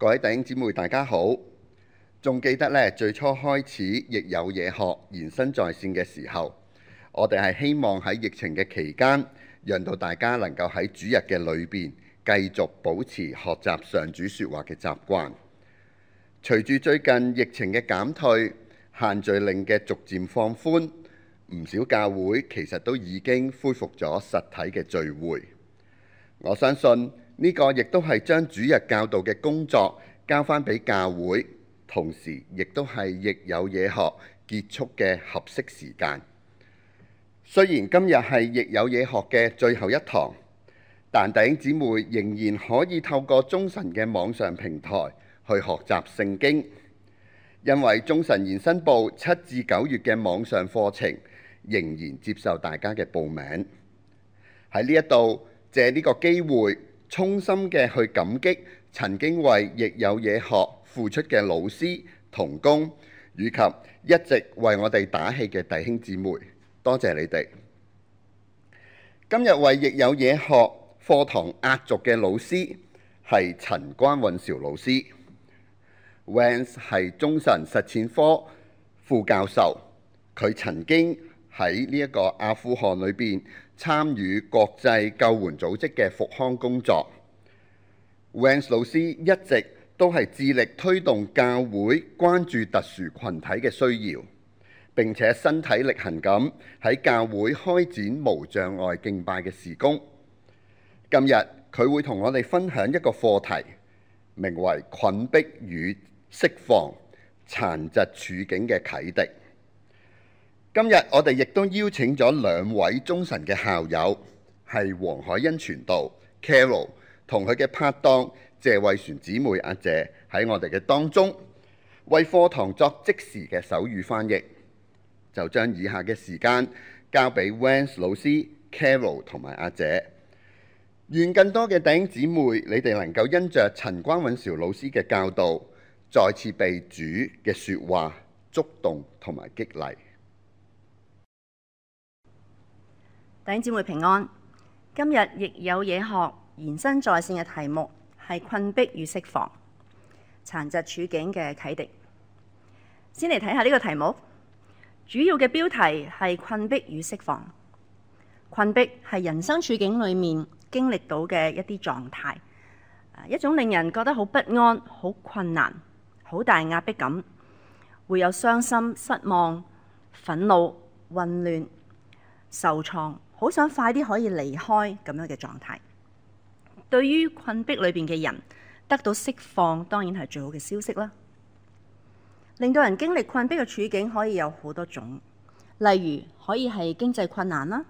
各位弟兄姊妹，大家好！仲記得咧最初開始疫有嘢學延伸在線嘅時候，我哋係希望喺疫情嘅期間，讓到大家能夠喺主日嘅裏邊繼續保持學習上主説話嘅習慣。隨住最近疫情嘅減退，限聚令嘅逐漸放寬，唔少教會其實都已經恢復咗實體嘅聚會。我相信。呢個亦都係將主日教導嘅工作交返俾教會，同時亦都係《疫有嘢學》結束嘅合適時間。雖然今日係《疫有嘢學》嘅最後一堂，但弟兄姊妹仍然可以透過中神嘅網上平台去學習聖經。因為中神延伸部七至九月嘅網上課程仍然接受大家嘅報名。喺呢一度借呢個機會，衷心嘅去感激曾經為疫有嘢學付出嘅老師同工，以及一直為我哋打氣嘅弟兄姊妹，多謝你哋。今日為疫有嘢學課,課堂壓軸嘅老師係陳關韻韶老師 ，Vance 係中神實踐科副教授，佢曾經喺呢一個阿富汗裏邊。參與國際救援組織嘅復康工作，韻韶老師一直都係致力推動教會關注特殊群體嘅需要，並且身體力行咁喺教會開展無障礙敬拜嘅事工。今日佢會同我哋分享一個課題，名為《窘迫與釋放：殘疾處境嘅啟迪》。今日我哋亦都邀請咗兩位中神嘅校友，係黃海恩傳道 Carol 同佢嘅拍檔謝慧璇姊妹阿姐，喺我哋嘅當中為課堂作即時嘅手語翻譯。就將以下嘅時間交俾 Vance 老師 Carol 同埋阿姐。願更多嘅弟兄姊妹，你哋能夠因着陳關韻韶老師嘅教導，再次被主嘅説話觸動同埋激勵。姊妹平安，今日疫有嘢學延伸在線嘅題目係窘迫與釋放，殘疾處境嘅啟迪。先嚟睇下呢個題目，主要嘅標題係窘迫與釋放。窘迫係人生處境裏面經歷到嘅一啲狀態，一種令人覺得好不安、好困難、好大壓迫感，會有傷心、失望、憤怒、混亂、受創。好想快啲可以離開咁樣嘅狀態。對於窘迫裏邊嘅人，得到釋放當然係最好嘅消息啦。令到人經歷窘迫嘅處境可以有好多種，例如可以係經濟困難啦、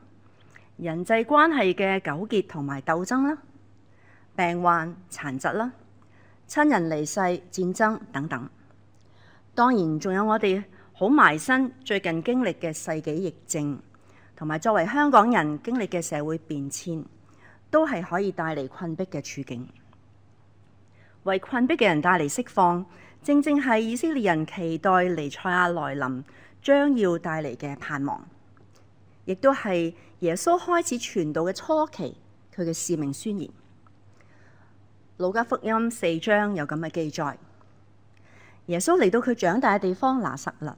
人際關係嘅糾結同埋鬥爭啦、病患殘疾啦、親人離世、戰爭等等。當然仲有我哋好埋身最近經歷嘅世紀疫症。同埋，作為香港人經歷嘅社會變遷，都係可以帶嚟困迫嘅處境，為困迫嘅人帶嚟釋放，正正係以色列人期待彌賽亞來臨將要帶嚟嘅盼望，亦都係耶穌開始傳道嘅初期，佢嘅使命宣言《路加福音》四章有咁嘅記載。耶穌嚟到佢長大嘅地方拿撒勒，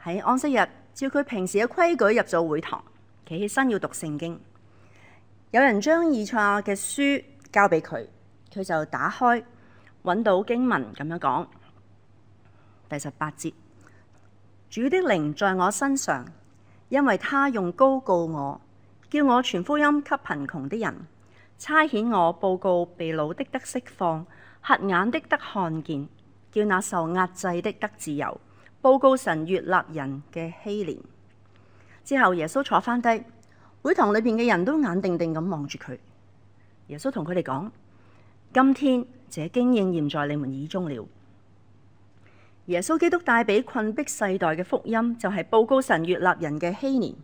喺安息日，照佢平時嘅規矩入咗會堂，企起身要讀聖經。有人將以賽亞嘅書交俾佢，佢就打開，揾到經文咁樣講第十八節：主的靈在我身上，因為他用高告我，叫我傳福音給貧窮的人，差遣我報告被擄的得釋放，瞎眼的得看見，叫那受壓制的得自由。報告神悅納人嘅希年之後，耶穌坐翻低，會堂裏邊嘅人都眼定定咁望住佢。耶穌同佢哋講：今天這經應驗，驗在你們耳中了。耶穌基督帶俾困逼世代嘅福音，就係報告神悅納人嘅希年。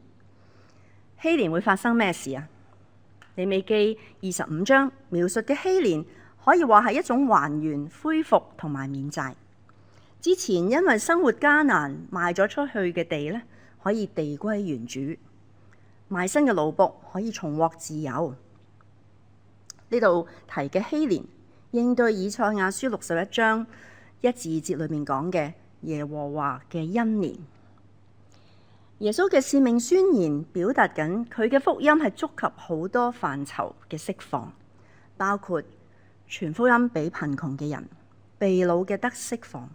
希年會發生咩事啊？利未記二十五章描述嘅希年，可以話係一種還原、恢復同埋免債。之前，因為生活艱難，賣咗出去嘅地呢，可以地歸原主；賣身嘅奴僕，可以重獲自由。呢度提嘅禧年，應對以賽亞書六十一章一至二節裏面講嘅耶和華嘅恩年。耶穌嘅使命宣言表達緊佢嘅福音係觸及好多範疇嘅釋放，包括傳福音俾貧窮嘅人、被擄嘅得釋放。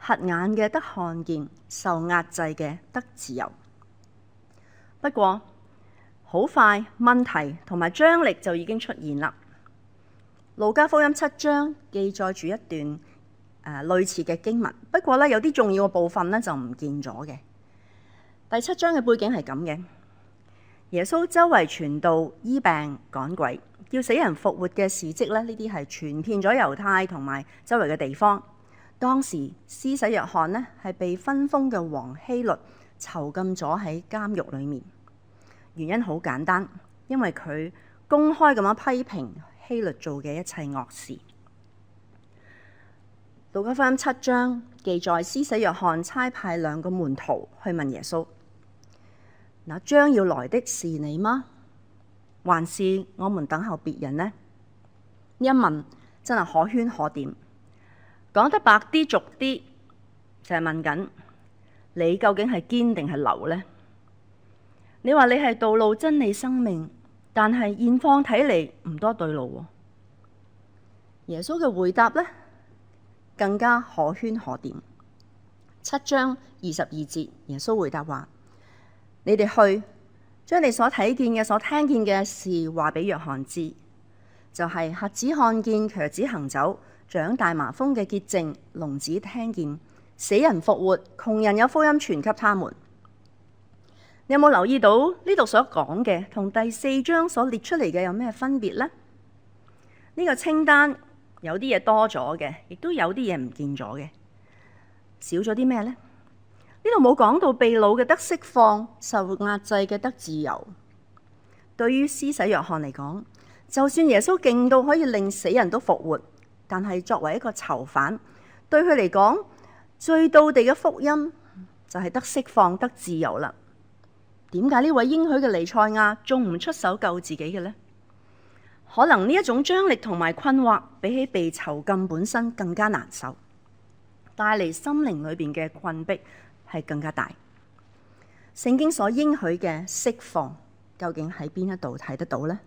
瞎眼嘅得看見，受壓制嘅得自由。不過好快問題同埋張力就已經出現啦。路加福音七章記載住一段誒、呃、類似嘅經文，不過咧有啲重要嘅部分咧就唔見咗嘅。第七章嘅背景係咁嘅，耶穌周圍傳道、醫病、趕鬼、叫死人復活嘅事蹟咧，呢啲係傳遍咗猶太同埋周圍嘅地方。當時施洗約翰呢係被分封嘅王希律囚禁咗喺監獄裏面，原因好簡單，因為佢公開咁樣批評希律做嘅一切惡事。路加福音七章記載，施洗約翰差派兩個門徒去問耶穌：那將要來的是你嗎？還是我們等候別人呢？呢一問真係可圈可點。講得白啲、俗啲，就係、是、問緊：你究竟係堅定係流呢？你話你係道路、真理、生命，但係現況睇嚟唔多對路喎、啊。耶穌嘅回答呢，更加可圈可點。七章二十二節，耶穌回答話：你哋去將你所睇見嘅、所聽見嘅事話俾約翰知，就係、是、瞎子看見、瘸子行走。長大麻風嘅潔淨，聾子聽見，死人復活，窮人有福音傳給他們。你有冇留意到呢度所講嘅同第四章所列出嚟嘅有咩分別呢？呢個清單有啲嘢多咗嘅，亦都有啲嘢唔見咗嘅，少咗啲咩呢？呢度冇講到被擄嘅得釋放，受壓制嘅得自由。對於施洗約翰嚟講，就算耶穌勁到可以令死人都復活。但係作為一個囚犯，對佢嚟講，最到地嘅福音就係得釋放、得自由啦。點解呢位應許嘅彌賽亞仲唔出手救自己嘅呢？可能呢一種張力同埋困惑，比起被囚禁本身更加難受，帶嚟心靈裏邊嘅困迫係更加大。聖經所應許嘅釋放，究竟喺邊一度睇得到呢？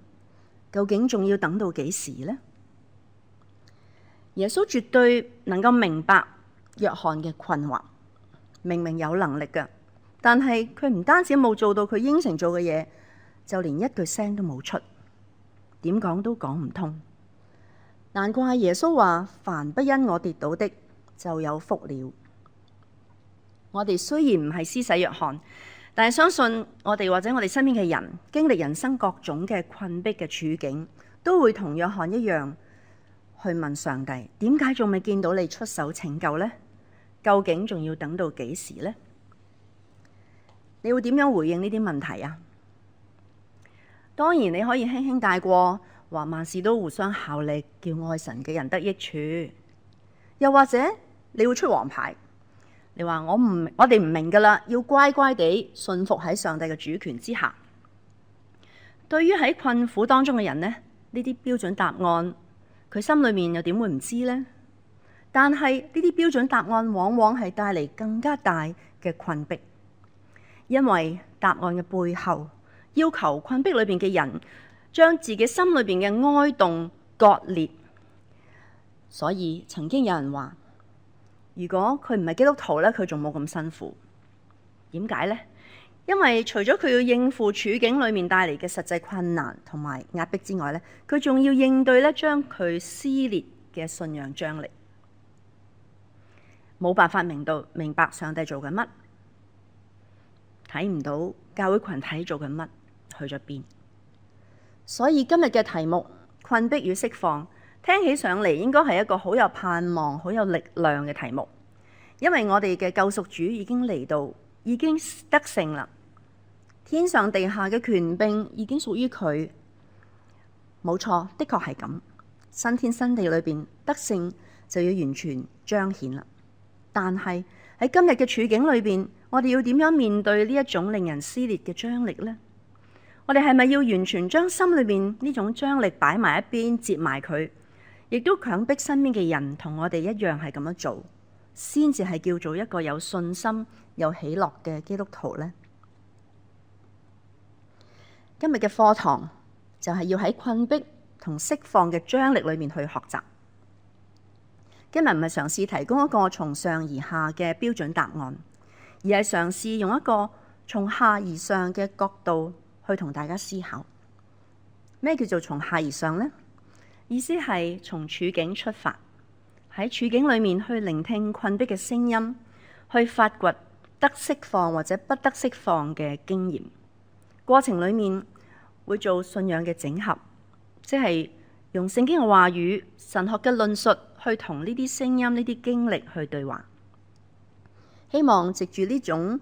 究竟仲要等到幾時呢？耶穌絕對能夠明白約翰嘅困惑，明明有能力嘅，但係佢唔單止冇做到佢應承做嘅嘢，就連一句聲都冇出，點講都講唔通。難怪耶穌話：凡不因我跌倒的，就有福了。我哋雖然唔係施洗約翰，但係相信我哋或者我哋身邊嘅人，經歷人生各種嘅困逼嘅處境，都會同約翰一樣。去問上帝，點解仲未見到你出手拯救呢？究竟仲要等到幾時呢？你會點樣回應呢啲問題啊？當然你可以輕輕帶過，話萬事都互相效力，叫愛神嘅人得益處。又或者你會出黃牌，你話我唔我哋唔明噶啦，要乖乖地信服喺上帝嘅主權之下。對於喺困苦當中嘅人呢，呢啲標準答案。佢心裏面又點會唔知呢？但係呢啲標準答案往往係帶嚟更加大嘅困逼，因為答案嘅背後要求困逼裏邊嘅人將自己心裏邊嘅哀慟割裂。所以曾經有人話：如果佢唔係基督徒咧，佢仲冇咁辛苦。點解呢？因為除咗佢要應付處境裏面帶嚟嘅實際困難同埋壓迫之外咧，佢仲要應對咧，將佢撕裂嘅信仰張力，冇辦法明到明白上帝做緊乜，睇唔到教會群體做緊乜去咗邊，所以今日嘅題目窘迫與釋放，聽起上嚟應該係一個好有盼望、好有力量嘅題目，因為我哋嘅救贖主已經嚟到，已經得勝啦。天上地下嘅權柄已經屬於佢，冇錯，的確係咁。新天新地裏邊得勝就要完全彰顯啦。但係喺今日嘅處境裏邊，我哋要點樣面對呢一種令人撕裂嘅張力呢？我哋係咪要完全將心裏面呢種張力擺埋一邊，接埋佢，亦都強迫身邊嘅人同我哋一樣係咁樣做，先至係叫做一個有信心又喜樂嘅基督徒呢？今日嘅課堂就係要喺窘迫同釋放嘅張力裏面去學習。今日唔係嘗試提供一個從上而下嘅標準答案，而係嘗試用一個從下而上嘅角度去同大家思考，咩叫做從下而上咧？意思係從處境出發，喺處境裏面去聆聽窘迫嘅聲音，去發掘得釋放或者不得釋放嘅經驗。過程裡面會做信仰嘅整合，即係用聖經嘅話語、神學嘅論述去同呢啲聲音、呢啲經歷去對話。希望藉住呢種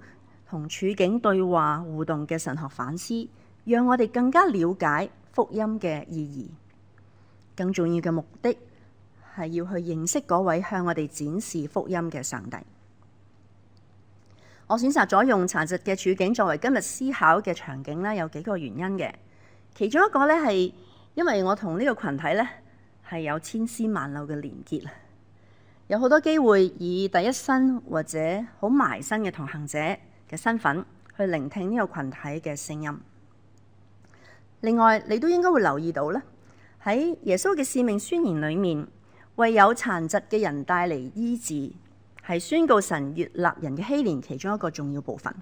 同處境對話互動嘅神學反思，讓我哋更加了解福音嘅意義。更重要嘅目的係要去認識嗰位向我哋展示福音嘅上帝。我選擇咗用殘疾嘅處境作為今日思考嘅場景啦，有幾個原因嘅。其中一個咧係因為我同呢個群體咧係有千絲萬縷嘅連結，有好多機會以第一身或者好埋身嘅同行者嘅身份去聆聽呢個群體嘅聲音。另外，你都應該會留意到咧，喺耶穌嘅使命宣言裡面，為有殘疾嘅人帶嚟醫治。係宣告神悅納人嘅禧年其中一個重要部分。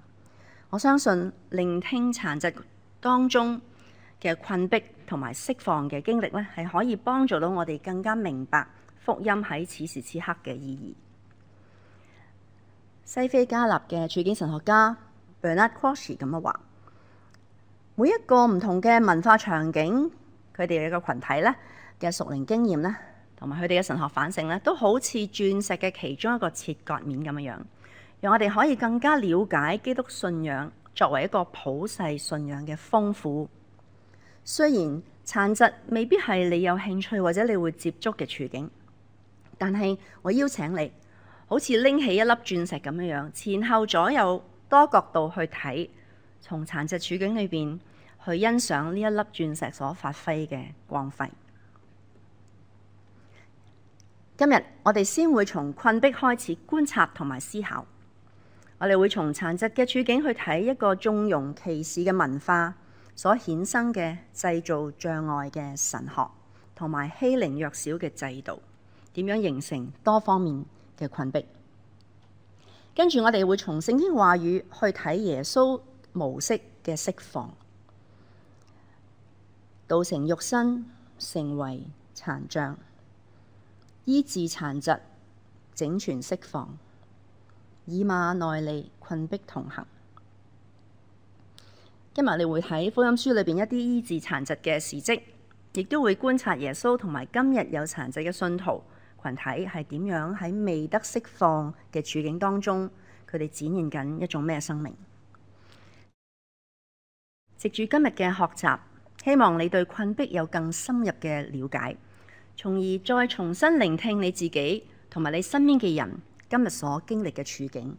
我相信聆聽殘疾當中嘅窘迫同埋釋放嘅經歷咧，係可以幫助到我哋更加明白福音喺此時此刻嘅意義。西非加納嘅處境神學家 Bernard Kwashi 咁樣話：每一個唔同嘅文化場景，佢哋有個群體咧嘅屬靈經驗咧。同埋佢哋嘅神學反省咧，都好似鑽石嘅其中一個切割面咁樣樣，讓我哋可以更加了解基督信仰作為一個普世信仰嘅豐富。雖然殘疾未必係你有興趣或者你會接觸嘅處境，但係我邀請你，好似拎起一粒鑽石咁樣樣，前後左右多角度去睇，從殘疾處境裏邊去欣賞呢一粒鑽石所發揮嘅光輝。今日我哋先會從窘迫開始觀察同埋思考，我哋會從殘疾嘅處境去睇一個縱容歧視嘅文化所衍生嘅製造障礙嘅神學，同埋欺凌弱小嘅制度，點樣形成多方面嘅窘迫？跟住我哋會從聖經話語去睇耶穌模式嘅釋放，道成肉身成為殘障。醫治殘疾，整全釋放，以馬內利，困逼同行。今日你會睇福音書裏邊一啲醫治殘疾嘅事蹟，亦都會觀察耶穌同埋今日有殘疾嘅信徒群體係點樣喺未得釋放嘅處境當中，佢哋展現緊一種咩生命？藉住今日嘅學習，希望你對困逼有更深入嘅了解。從而再重新聆聽你自己同埋你身邊嘅人今日所經歷嘅處境，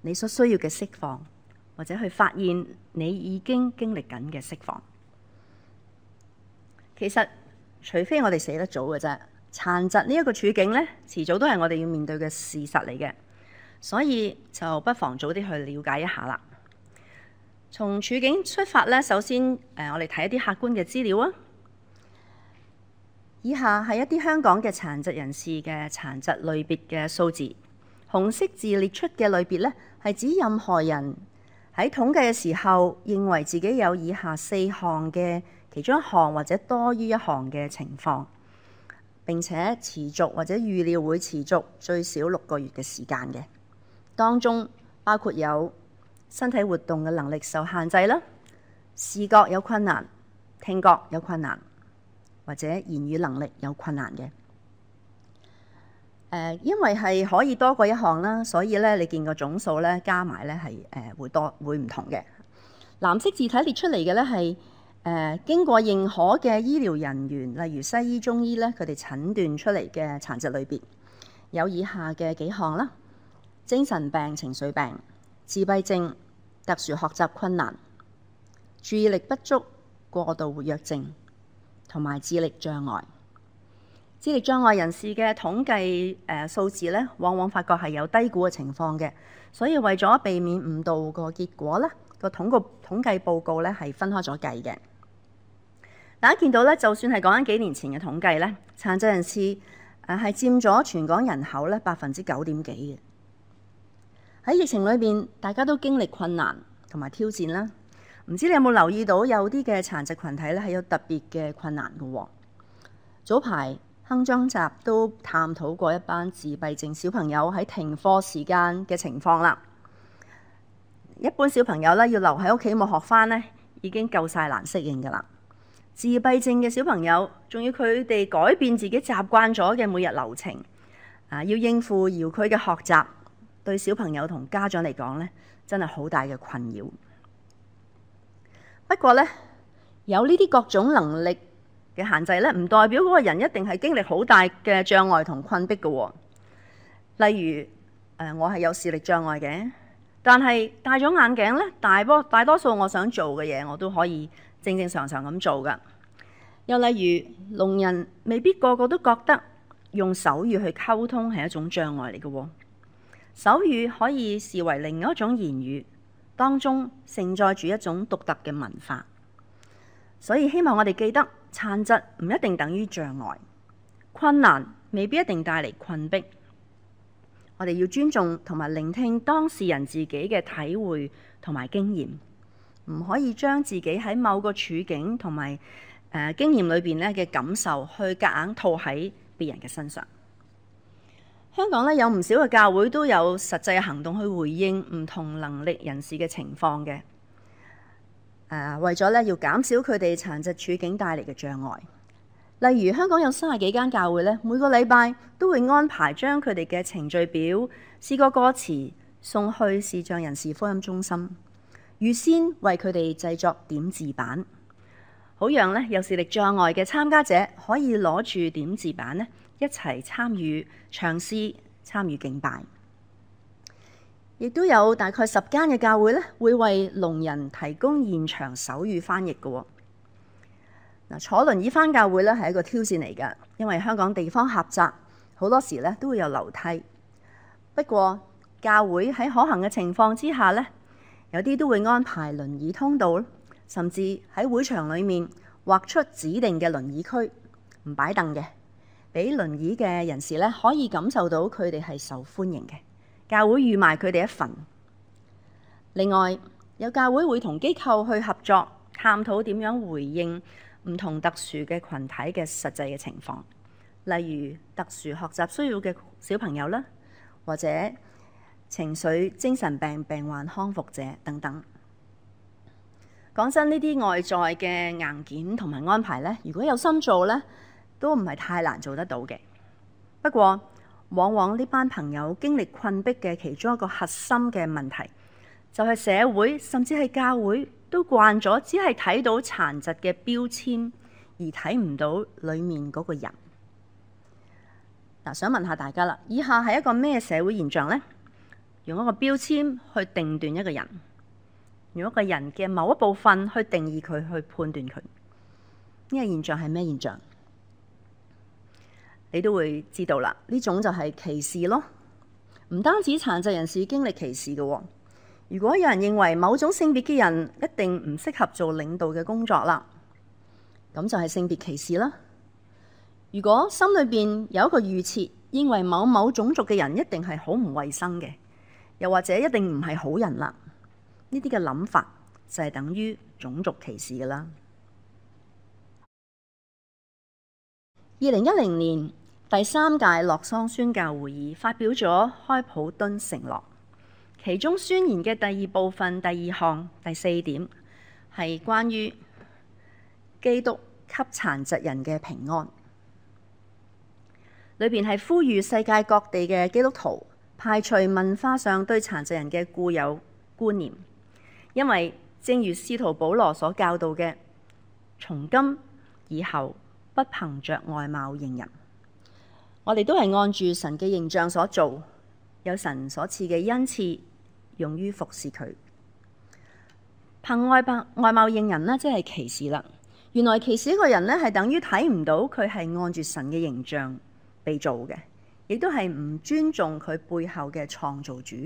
你所需要嘅釋放，或者去發現你已經經歷緊嘅釋放。其實，除非我哋死得早嘅啫，殘疾呢一個處境咧，遲早都係我哋要面對嘅事實嚟嘅，所以就不妨早啲去了解一下啦。從處境出發咧，首先誒、呃，我哋睇一啲客觀嘅資料啊。以下係一啲香港嘅殘疾人士嘅殘疾類別嘅數字，紅色字列出嘅類別咧係指任何人喺統計嘅時候認為自己有以下四項嘅其中一項或者多於一項嘅情況，並且持續或者預料會持續最少六個月嘅時間嘅，當中包括有身體活動嘅能力受限制啦，視覺有困難，聽覺有困難，或者言語能力有困難嘅、呃，因為係可以多過一項啦，所以咧，你見個總數咧加埋咧係誒會多會唔同嘅。藍色字體列出嚟嘅咧係誒經過認可嘅醫療人員，例如西醫、中醫咧，佢哋診斷出嚟嘅殘疾類別有以下嘅幾項啦：精神病、情緒病、自閉症、特殊學習困難、注意力不足、過度活躍症。同埋智力障礙，智力障礙人士嘅統計誒數字咧，往往發覺係有低估嘅情況嘅，所以為咗避免誤導個結果咧，這個統個統計報告咧係分開咗計嘅。大家見到咧，就算係講緊幾年前嘅統計咧，殘疾人士誒係佔咗全港人口咧百分之九點幾嘅。喺疫情裏邊，大家都經歷困難同埋挑戰啦。唔知你有冇留意到，有啲嘅殘疾群體咧係有特別嘅困難嘅。早排，鏗鏘集都探討過一班自閉症小朋友喺停課時間嘅情況啦。一般小朋友咧要留喺屋企冇學返咧已經夠晒難適應嘅啦。自閉症嘅小朋友仲要佢哋改變自己習慣咗嘅每日流程，啊要應付遙距嘅學習，對小朋友同家長嚟講咧真係好大嘅困擾。不過咧，有呢啲各種能力嘅限制咧，唔代表嗰個人一定係經歷好大嘅障礙同困逼嘅喎。例如，誒、呃、我係有視力障礙嘅，但係戴咗眼鏡咧，大波大多數我想做嘅嘢，我都可以正正常常咁做㗎。又例如，聾人未必個個都覺得用手語去溝通係一種障礙嚟嘅喎，手語可以視為另外一種言語。當中盛載住一種獨特嘅文化，所以希望我哋記得，殘疾唔一定等於障礙，困難未必一定帶嚟困逼。我哋要尊重同埋聆聽當事人自己嘅體會同埋經驗，唔可以將自己喺某個處境同埋誒經驗裏邊咧嘅感受去夾硬套喺別人嘅身上。香港咧有唔少嘅教會都有實際行動去回應唔同能力人士嘅情況嘅，誒、啊、為咗咧要減少佢哋殘疾處境帶嚟嘅障礙，例如香港有三十幾間教會咧，每個禮拜都會安排將佢哋嘅程序表、詩歌歌詞送去視障人士福音中心，預先為佢哋製作點字版，好讓咧有視力障礙嘅參加者可以攞住點字版咧。一齊參與唱詩、參與敬拜，亦都有大概十間嘅教會咧，會為聾人提供現場手語翻譯嘅嗱。坐輪椅翻教會咧係一個挑戰嚟㗎，因為香港地方狹窄，好多時咧都會有樓梯。不過教會喺可行嘅情況之下咧，有啲都會安排輪椅通道，甚至喺會場裡面劃出指定嘅輪椅區，唔擺凳嘅。俾輪椅嘅人士咧，可以感受到佢哋係受歡迎嘅。教會預埋佢哋一份。另外，有教會會同機構去合作，探討點樣回應唔同特殊嘅群體嘅實際嘅情況，例如特殊學習需要嘅小朋友啦，或者情緒、精神病病患康復者等等。講真，呢啲外在嘅硬件同埋安排咧，如果有心做咧。都唔係太難做得到嘅。不過，往往呢班朋友經歷困逼嘅其中一個核心嘅問題，就係社會甚至係教會都慣咗，只係睇到殘疾嘅標籤，而睇唔到裡面嗰個人。嗱，想問下大家啦，以下係一個咩社會現象呢？用一個標籤去定斷一個人，用一個人嘅某一部分去定義佢，去判斷佢，呢個現象係咩現象？你都會知道啦，呢種就係歧視咯。唔單止殘疾人士經歷歧視嘅喎、哦，如果有人認為某種性別嘅人一定唔適合做領導嘅工作啦，咁就係性別歧視啦。如果心裏邊有一個預設，認為某某種族嘅人一定係好唔衞生嘅，又或者一定唔係好人啦，呢啲嘅諗法就係等於種族歧視㗎啦。二零一零年，第三屆洛桑宣教會議發表咗開普敦承諾，其中宣言嘅第二部分第二項第四點係關於基督給殘疾人嘅平安。裏面係呼籲世界各地嘅基督徒排除文化上對殘疾人嘅固有觀念，因為正如使徒保羅所教導嘅，從今以後不憑着外貌認人。我哋都係按住神嘅形象所做，有神所賜嘅恩賜，用於服侍佢。憑外白外貌認人呢，即係歧視啦。原來歧視一個人呢係等於睇唔到佢係按住神嘅形象被做嘅，亦都係唔尊重佢背後嘅創造主。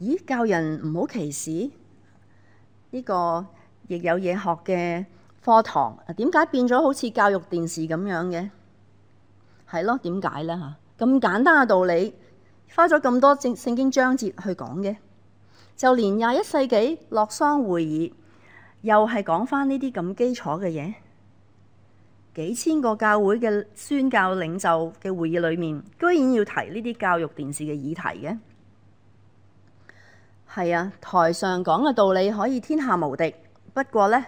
咦？教人唔好歧視呢、呢個亦有嘢學嘅課堂，點解變咗好似教育電視咁樣嘅？係咯，點解咧嚇？咁簡單嘅道理，花咗咁多聖聖經章節去講嘅，就連廿一世紀洛桑會議又係講翻呢啲咁基礎嘅嘢，幾千個教會嘅宣教領袖嘅會議裏面，居然要提呢啲教育電視嘅議題嘅？係啊，台上講嘅道理可以天下無敵，不過咧呢、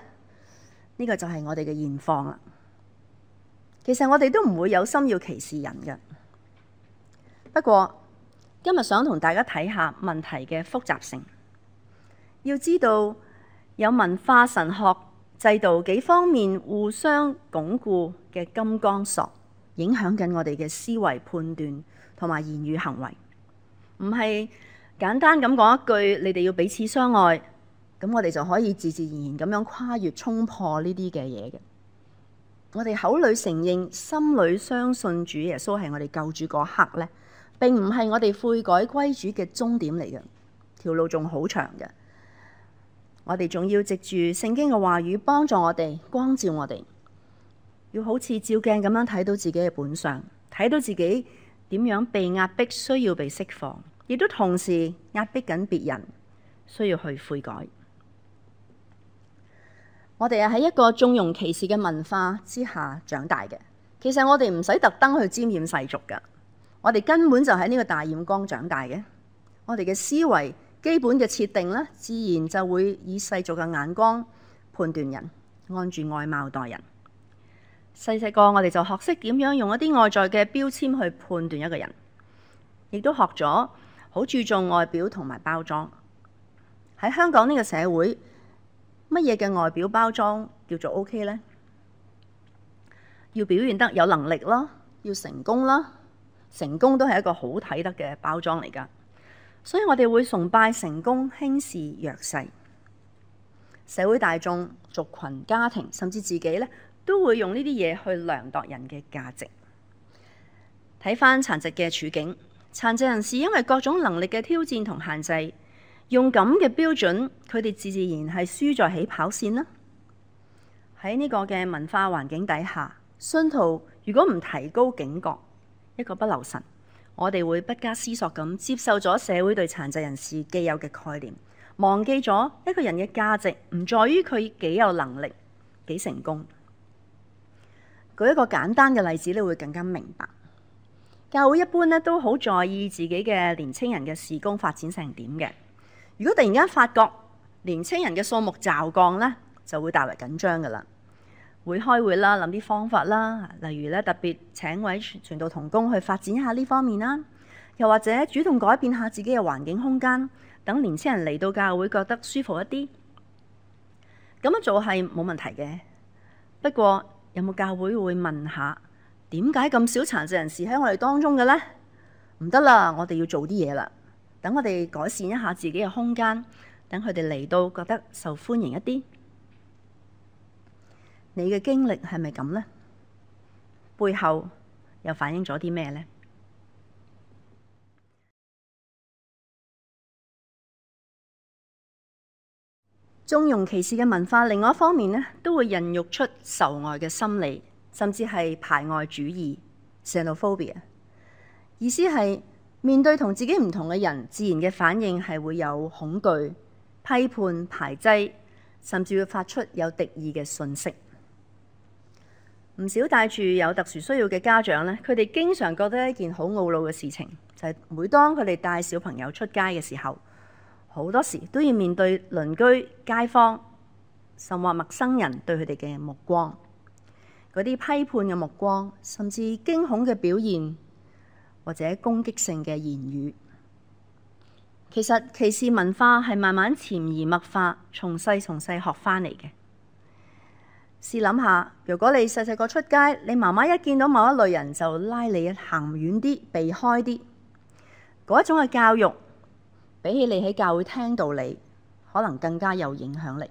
呢個就係我哋嘅現況啦。其實我哋都唔會有心要歧視人嘅。不過今日想同大家睇下問題嘅複雜性。要知道有文化神學制度幾方面互相鞏固嘅金剛索，影響緊我哋嘅思維判斷同埋言語行為。唔係簡單咁講一句你哋要彼此相愛，咁我哋就可以自自然然咁樣跨越衝破呢啲嘅嘢嘅。我哋口裏承認、心裏相信主耶穌係我哋救主嗰刻咧，並唔係我哋悔改歸主嘅終點嚟嘅，條路仲好長嘅。我哋仲要藉住聖經嘅話語幫助我哋，光照我哋，要好似照鏡咁樣睇到自己嘅本相，睇到自己點樣被壓迫，需要被釋放，亦都同時壓迫緊別人，需要去悔改。我哋係喺一個縱容歧視嘅文化之下長大嘅，其實我哋唔使特登去沾染世俗噶，我哋根本就喺呢個大染缸長大嘅，我哋嘅思維基本嘅設定呢，自然就會以世俗嘅眼光判斷人，按住外貌待人。細細個我哋就學識點樣用一啲外在嘅標籤去判斷一個人，亦都學咗好注重外表同埋包裝。喺香港呢個社會。乜嘢嘅外表包裝叫做 OK 咧？要表現得有能力咯，要成功啦，成功都係一個好睇得嘅包裝嚟㗎。所以我哋會崇拜成功，輕視弱勢。社會大眾、族群、家庭，甚至自己咧，都會用呢啲嘢去量度人嘅價值。睇返殘疾嘅處境，殘疾人士因為各種能力嘅挑戰同限制。用咁嘅標準，佢哋自自然係輸在起跑線啦。喺呢個嘅文化環境底下，信徒如果唔提高警覺，一個不留神，我哋會不加思索咁接受咗社會對殘疾人士既有嘅概念，忘記咗一個人嘅價值唔在於佢幾有能力幾成功。舉一個簡單嘅例子，你會更加明白。教會一般咧都好在意自己嘅年青人嘅事工發展成點嘅。如果突然間發覺年青人嘅數目驟降咧，就會大為緊張㗎喇，會開會啦，諗啲方法啦，例如咧特別請位傳傳道同工去發展一下呢方面啦，又或者主動改變下自己嘅環境空間，等年青人嚟到教會覺得舒服一啲，咁樣做係冇問題嘅。不過有冇教會會問下點解咁少殘疾人士喺我哋當中嘅咧？唔得啦，我哋要做啲嘢啦。等我哋改善一下自己嘅空間，等佢哋嚟到覺得受歡迎一啲。你嘅經歷係咪咁呢？背後又反映咗啲咩呢？縱容歧視嘅文化，另外一方面呢，都會孕育出仇外嘅心理，甚至係排外主義，xenophobia，意思係。面對同自己唔同嘅人，自然嘅反應係會有恐懼、批判、排擠，甚至會發出有敵意嘅訊息。唔少帶住有特殊需要嘅家長咧，佢哋經常覺得一件好懊惱嘅事情，就係、是、每當佢哋帶小朋友出街嘅時候，好多時都要面對鄰居、街坊，甚或陌生人對佢哋嘅目光，嗰啲批判嘅目光，甚至驚恐嘅表現。或者攻擊性嘅言語，其實歧視文化係慢慢潛移默化、從細從細學翻嚟嘅。試諗下，如果你細細個出街，你媽媽一見到某一類人就拉你行遠啲、避開啲，嗰一種嘅教育，比起你喺教會聽道理，可能更加有影響力。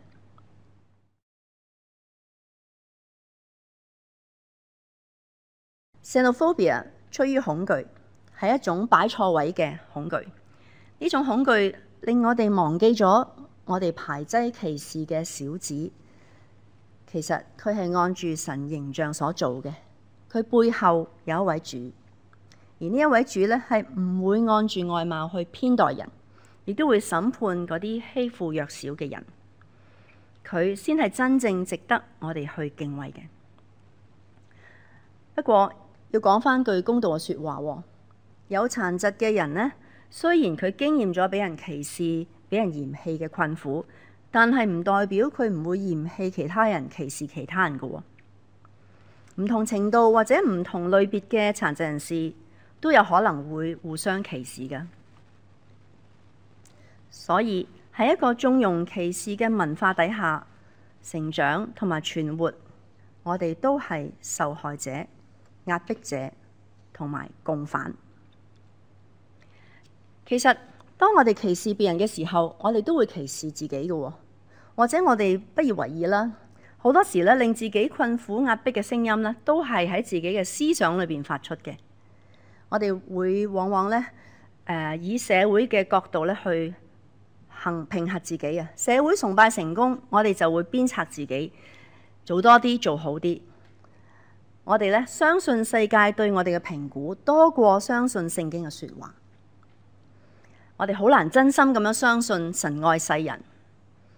Xenophobia 出於恐懼。係一種擺錯位嘅恐懼，呢種恐懼令我哋忘記咗我哋排擠歧視嘅小子。其實佢係按住神形象所做嘅，佢背後有一位主，而呢一位主咧係唔會按住外貌去偏待人，亦都會審判嗰啲欺負弱小嘅人。佢先係真正值得我哋去敬畏嘅。不過要講翻句公道嘅説話。有殘疾嘅人呢，雖然佢經驗咗俾人歧視、俾人嫌棄嘅困苦，但係唔代表佢唔會嫌棄其他人、歧視其他人嘅喎、哦。唔同程度或者唔同類別嘅殘疾人士都有可能會互相歧視噶。所以喺一個縱容歧視嘅文化底下成長同埋存活，我哋都係受害者、壓迫者同埋共犯。其實，當我哋歧視別人嘅時候，我哋都會歧視自己㗎喎、哦，或者我哋不以為意啦。好多時咧，令自己困苦壓迫嘅聲音咧，都係喺自己嘅思想裏邊發出嘅。我哋會往往咧，誒、呃、以社會嘅角度咧去行平衡評核自己啊。社會崇拜成功，我哋就會鞭策自己做多啲、做好啲。我哋咧相信世界對我哋嘅評估多過相信聖經嘅説話。我哋好難真心咁樣相信神愛世人，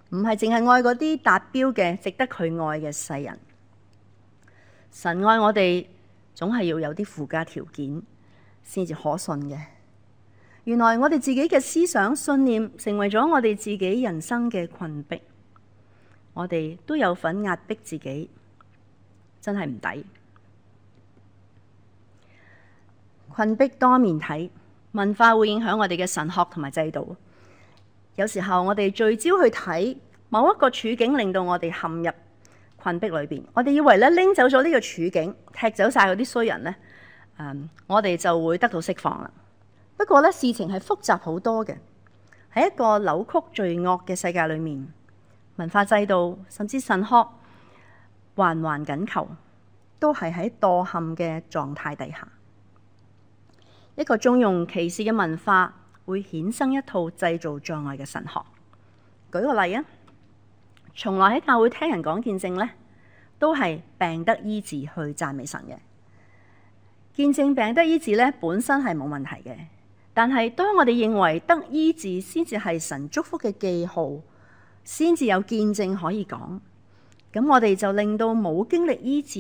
唔係淨係愛嗰啲達標嘅值得佢愛嘅世人。神愛我哋，總係要有啲附加條件先至可信嘅。原來我哋自己嘅思想信念，成為咗我哋自己人生嘅困逼。我哋都有份壓迫自己，真係唔抵。困逼多面睇。文化會影響我哋嘅神學同埋制度，有時候我哋聚焦去睇某一個處境，令到我哋陷入困迫裏邊。我哋以為咧拎走咗呢個處境，踢走晒嗰啲衰人咧、嗯，我哋就會得到釋放啦。不過咧，事情係複雜好多嘅，喺一個扭曲罪惡嘅世界裏面，文化制度甚至神學環環緊扣，都係喺墮陷嘅狀態底下。一個縱容歧視嘅文化，會衍生一套製造障礙嘅神學。舉個例啊，從來喺教會聽人講見證呢，都係病得醫治去讚美神嘅見證。病得醫治呢本身係冇問題嘅。但係當我哋認為得醫治先至係神祝福嘅記號，先至有見證可以講，咁我哋就令到冇經歷醫治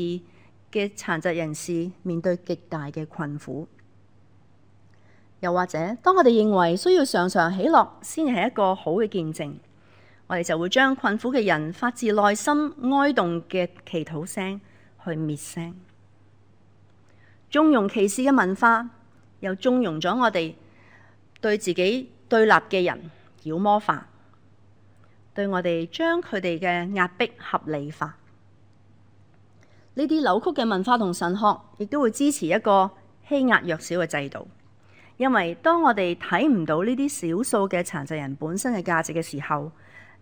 嘅殘疾人士面對極大嘅困苦。又或者，當我哋認為需要常常喜樂，先係一個好嘅見證，我哋就會將困苦嘅人發自內心哀動嘅祈禱聲去滅聲，縱容歧視嘅文化，又縱容咗我哋對自己對立嘅人妖魔化，對我哋將佢哋嘅壓迫合理化。呢啲扭曲嘅文化同神學，亦都會支持一個欺壓弱小嘅制度。因為當我哋睇唔到呢啲少數嘅殘疾人本身嘅價值嘅時候，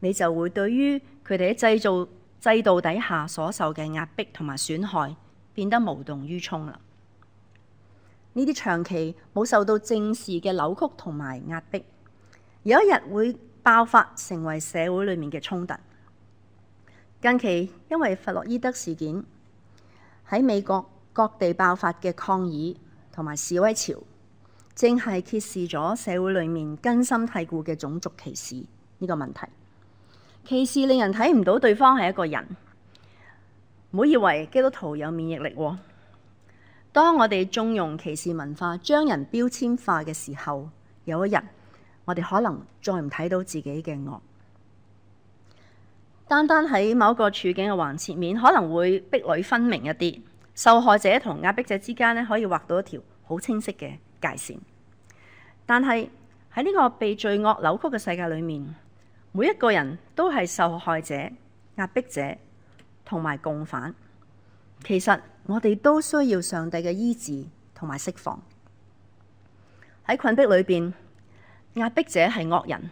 你就會對於佢哋喺製造制度底下所受嘅壓迫同埋損害，損害變得無動於衷啦。呢啲長期冇受到正視嘅扭曲同埋壓迫，有一日會爆發成為社會裡面嘅衝突。近期因為弗洛伊德事件喺美國各地爆發嘅抗議同埋示威潮，正係揭示咗社會裏面根深蒂固嘅種族歧視呢個問題。歧視令人睇唔到對方係一個人，唔好以為基督徒有免疫力喎。當我哋縱容歧視文化，將人標籤化嘅時候，有一日我哋可能再唔睇到自己嘅惡。單單喺某個處境嘅橫切面，可能會壁壘分明一啲，受害者同壓迫者之間呢，可以畫到一條好清晰嘅界線。但係喺呢個被罪惡扭曲嘅世界裏面，每一個人都係受害者、壓迫者同埋共犯。其實我哋都需要上帝嘅醫治同埋釋放。喺窘迫裏邊，壓迫者係惡人，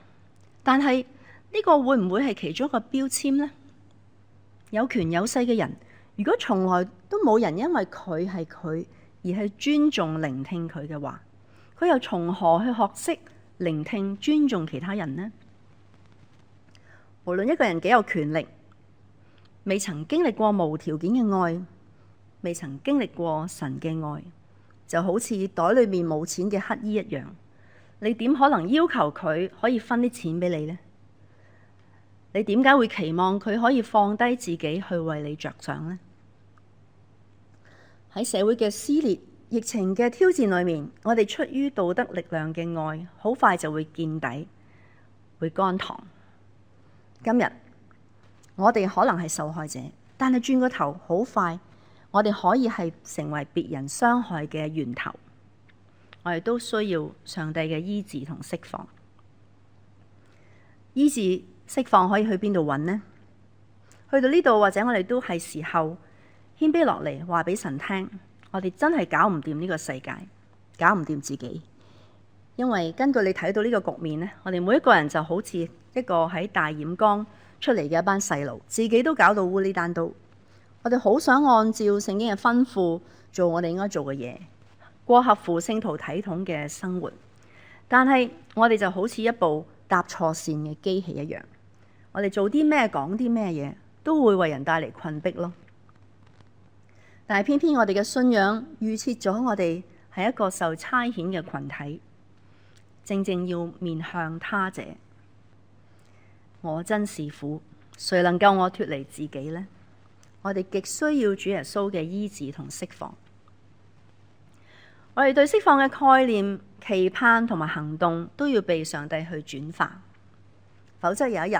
但係呢個會唔會係其中一個標籤呢？有權有勢嘅人，如果從來都冇人因為佢係佢而係尊重聆聽佢嘅話？佢又從何去學識聆聽、尊重其他人呢？無論一個人幾有權力，未曾經歷過無條件嘅愛，未曾經歷過神嘅愛，就好似袋裏面冇錢嘅乞衣一樣。你點可能要求佢可以分啲錢俾你呢？你點解會期望佢可以放低自己去為你着想呢？喺社會嘅撕裂，疫情嘅挑戰裏面，我哋出於道德力量嘅愛，好快就會見底，會乾塘。今日我哋可能係受害者，但係轉個頭，好快我哋可以係成為別人傷害嘅源頭。我哋都需要上帝嘅醫治同釋放。醫治釋放可以去邊度揾呢？去到呢度，或者我哋都係時候謙卑落嚟，話俾神聽。我哋真係搞唔掂呢個世界，搞唔掂自己，因為根據你睇到呢個局面咧，我哋每一個人就好似一個喺大染缸出嚟嘅一班細路，自己都搞到烏哩單刀。我哋好想按照聖經嘅吩咐做我哋應該做嘅嘢，過合乎聖徒體統嘅生活，但係我哋就好似一部搭錯線嘅機器一樣，我哋做啲咩講啲咩嘢，都會為人帶嚟困逼咯。但係偏偏我哋嘅信仰預設咗我哋係一個受差遣嘅群體，正正要面向他者。我真是苦，誰能夠我脫離自己呢？我哋極需要主耶穌嘅醫治同釋放。我哋對釋放嘅概念、期盼同埋行動都要被上帝去轉化，否則有一日，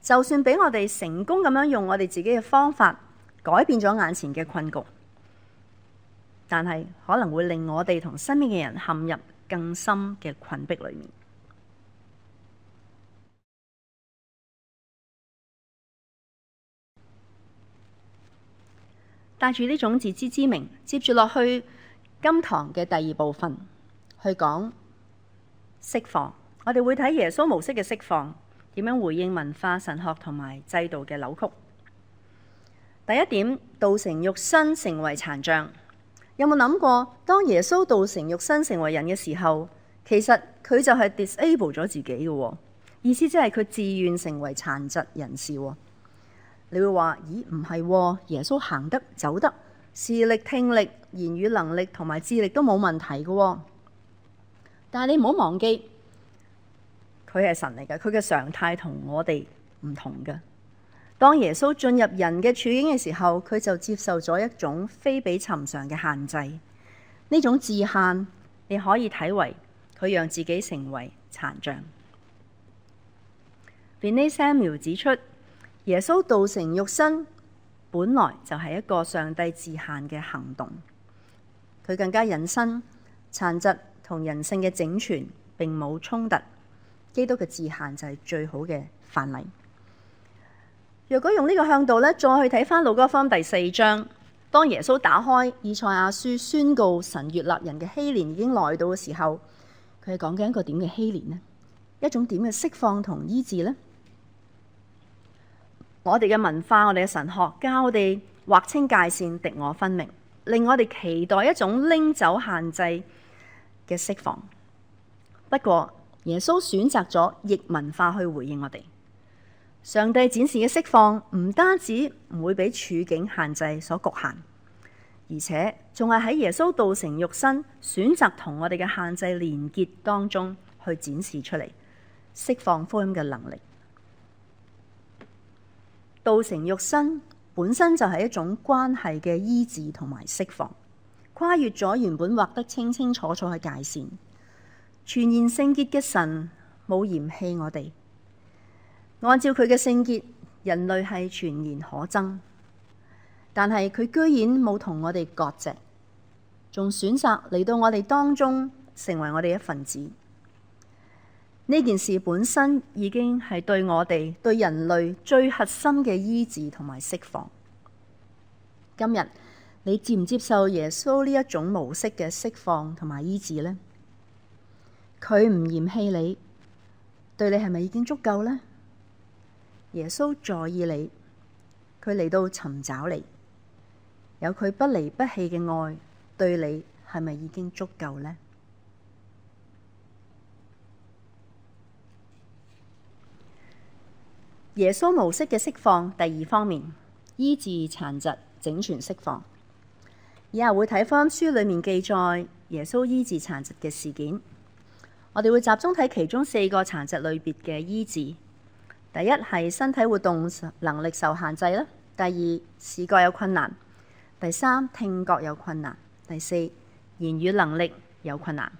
就算俾我哋成功咁樣用我哋自己嘅方法改變咗眼前嘅困局。但係可能會令我哋同身邊嘅人陷入更深嘅困迫裏面。帶住呢種自知之明，接住落去今堂嘅第二部分去講釋放。我哋會睇耶穌模式嘅釋放點樣回應文化、神學同埋制度嘅扭曲。第一點，道成肉身成為殘障。有冇諗過，當耶穌道成肉身成為人嘅時候，其實佢就係 disable 咗自己喎，意思即係佢自願成為殘疾人士喎。你會話：咦，唔係喎，耶穌行得走得，視力、聽力、言語能力同埋智力都冇問題㗎喎。但係你唔好忘記，佢係神嚟嘅，佢嘅常態同我哋唔同嘅。當耶穌進入人嘅處境嘅時候，佢就接受咗一種非比尋常嘅限制。呢種自限，你可以睇為佢讓自己成為殘障。Vinay Samuel 指出，耶穌道成肉身本來就係一個上帝自限嘅行動。佢更加引申，殘疾同人性嘅整全並冇衝突。基督嘅自限就係最好嘅範例。如果用呢個向度咧，再去睇翻《路加福音》第四章，當耶穌打開以賽亞書，宣告，神悅納人嘅禧年已經來到嘅時候，佢係講緊一個點嘅禧年呢？一種點嘅釋放同醫治呢？我哋嘅文化，我哋嘅神學教我哋劃清界線，敵我分明，令我哋期待一種拎走限制嘅釋放。不過耶穌選擇咗逆文化去回應我哋。上帝展示嘅釋放唔單止唔會俾處境限制所局限，而且仲係喺耶穌道成肉身，選擇同我哋嘅限制連結當中去展示出嚟，釋放福音嘅能力。道成肉身本身就係一種關係嘅醫治同埋釋放，跨越咗原本畫得清清楚楚嘅界線。全然聖潔嘅神冇嫌棄我哋。按照佢嘅聖潔，人類係全然可憎，但係佢居然冇同我哋割席，仲選擇嚟到我哋當中，成為我哋一份子。呢件事本身已經係對我哋對人類最核心嘅醫治同埋釋放。今日你接唔接受耶穌呢一種模式嘅釋放同埋醫治呢？佢唔嫌棄你，對你係咪已經足夠呢？耶穌在意你，佢嚟到尋找你，有佢不離不棄嘅愛對你，係咪已經足夠呢？耶穌模式嘅釋放，第二方面，醫治殘疾整全釋放。以後會睇返書裏面記載耶穌醫治殘疾嘅事件，我哋會集中睇其中四個殘疾類別嘅醫治。第一係身體活動能力受限制啦，第二視覺有困難，第三聽覺有困難，第四言語能力有困難。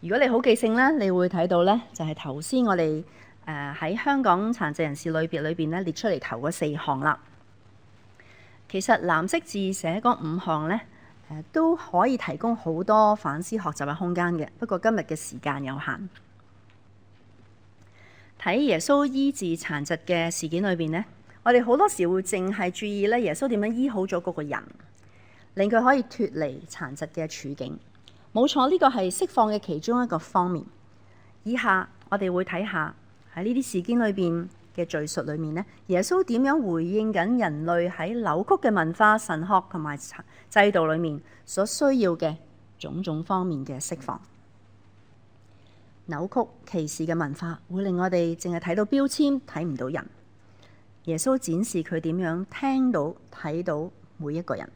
如果你好記性啦，你會睇到咧，就係頭先我哋誒喺香港殘疾人士類別裏邊咧列出嚟頭嗰四項啦。其實藍色字寫嗰五項咧誒都可以提供好多反思學習嘅空間嘅，不過今日嘅時間有限。喺耶穌醫治殘疾嘅事件裏邊咧，我哋好多時會淨係注意咧，耶穌點樣醫好咗嗰個人，令佢可以脫離殘疾嘅處境。冇錯，呢個係釋放嘅其中一個方面。以下我哋會睇下喺呢啲事件裏邊嘅敘述裏面咧，耶穌點樣回應緊人類喺扭曲嘅文化、神學同埋制度裏面所需要嘅種種方面嘅釋放。扭曲歧視嘅文化會令我哋淨係睇到標籤，睇唔到人。耶穌展示佢點樣聽到睇到每一個人。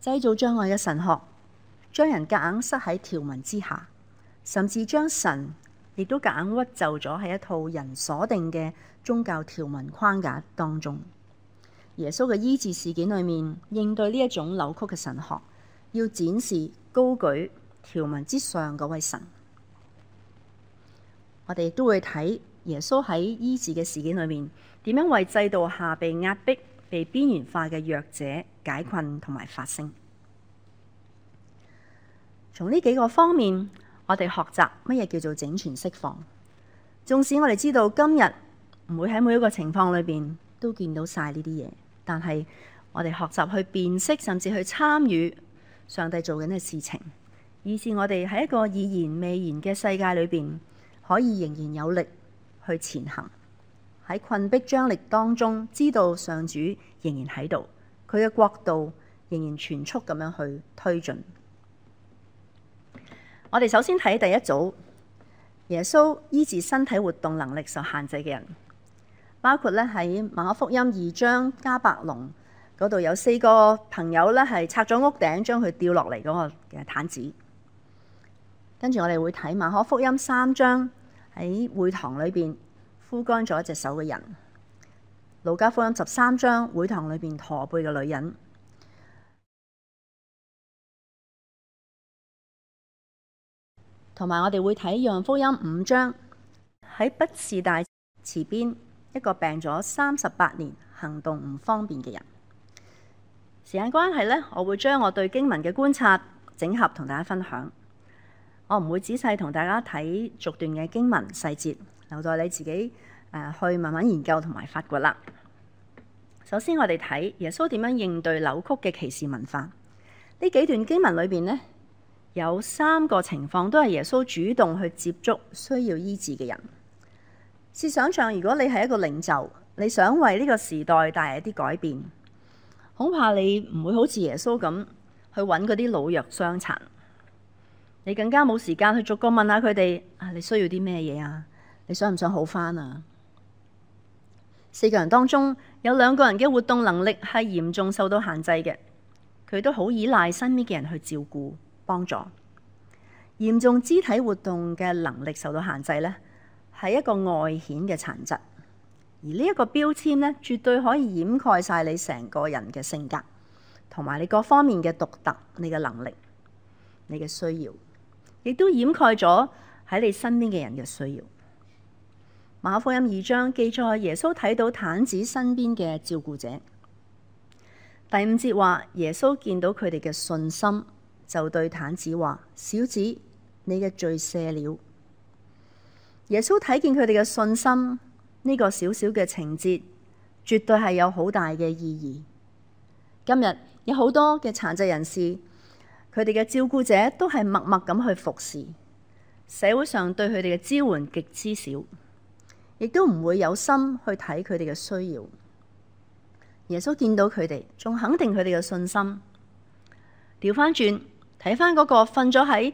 製造障礙嘅神學，將人夾硬硬塞喺條文之下，甚至將神亦都夾硬屈就咗喺一套人鎖定嘅宗教條文框架當中。耶穌嘅醫治事件裏面，應對呢一種扭曲嘅神學，要展示高舉條文之上嗰位神。我哋都會睇耶穌喺醫治嘅事件裏面，點樣為制度下被壓迫、被邊緣化嘅弱者解困同埋發聲。從呢幾個方面，我哋學習乜嘢叫做整全釋放。縱使我哋知道今日唔會喺每一個情況裏邊都見到晒呢啲嘢，但係我哋學習去辨識，甚至去參與上帝做緊嘅事情，以至我哋喺一個已然未然嘅世界裏邊，可以仍然有力去前行，喺困逼張力當中，知道上主仍然喺度，佢嘅國度仍然全速咁樣去推進。我哋首先睇第一組，耶穌醫治身體活動能力受限制嘅人，包括咧喺馬可福音二章迦百農嗰度有四個朋友咧係拆咗屋頂，將佢吊落嚟嗰個嘅毯子。跟住我哋會睇馬可福音三章喺會堂裏邊枯乾咗一隻手嘅人；路加福音十三章會堂裏邊駝背嘅女人；同埋我哋會睇約翰福音五章喺畢士大池邊一個病咗三十八年行動唔方便嘅人。時間關係呢，我會將我對經文嘅觀察整合同大家分享。我唔會仔細同大家睇逐段嘅經文細節，留待你自己誒、呃、去慢慢研究同埋發掘啦。首先，我哋睇耶穌點樣應對扭曲嘅歧視文化。呢幾段經文裏邊呢，有三個情況都係耶穌主動去接觸需要醫治嘅人。試想象，如果你係一個領袖，你想為呢個時代帶嚟一啲改變，恐怕你唔會好似耶穌咁去揾嗰啲老弱傷殘。你更加冇時間去逐個問下佢哋啊，你需要啲咩嘢啊？你想唔想好返啊？四個人當中有兩個人嘅活動能力係嚴重受到限制嘅，佢都好依賴身邊嘅人去照顧幫助。嚴重肢體活動嘅能力受到限制咧，係一個外顯嘅殘疾，而呢一個標籤咧，絕對可以掩蓋晒你成個人嘅性格，同埋你各方面嘅獨特、你嘅能力、你嘅需要。亦都掩蓋咗喺你身邊嘅人嘅需要。馬可福音二章記載耶穌睇到癱子身邊嘅照顧者，第五節話耶穌見到佢哋嘅信心，就對癱子話：小子，你嘅罪赦了。耶穌睇見佢哋嘅信心，呢、這個小小嘅情節，絕對係有好大嘅意義。今日有好多嘅殘疾人士。佢哋嘅照顧者都係默默咁去服侍，社會上對佢哋嘅支援極之少，亦都唔會有心去睇佢哋嘅需要。耶穌見到佢哋，仲肯定佢哋嘅信心。調翻轉睇翻嗰個瞓咗喺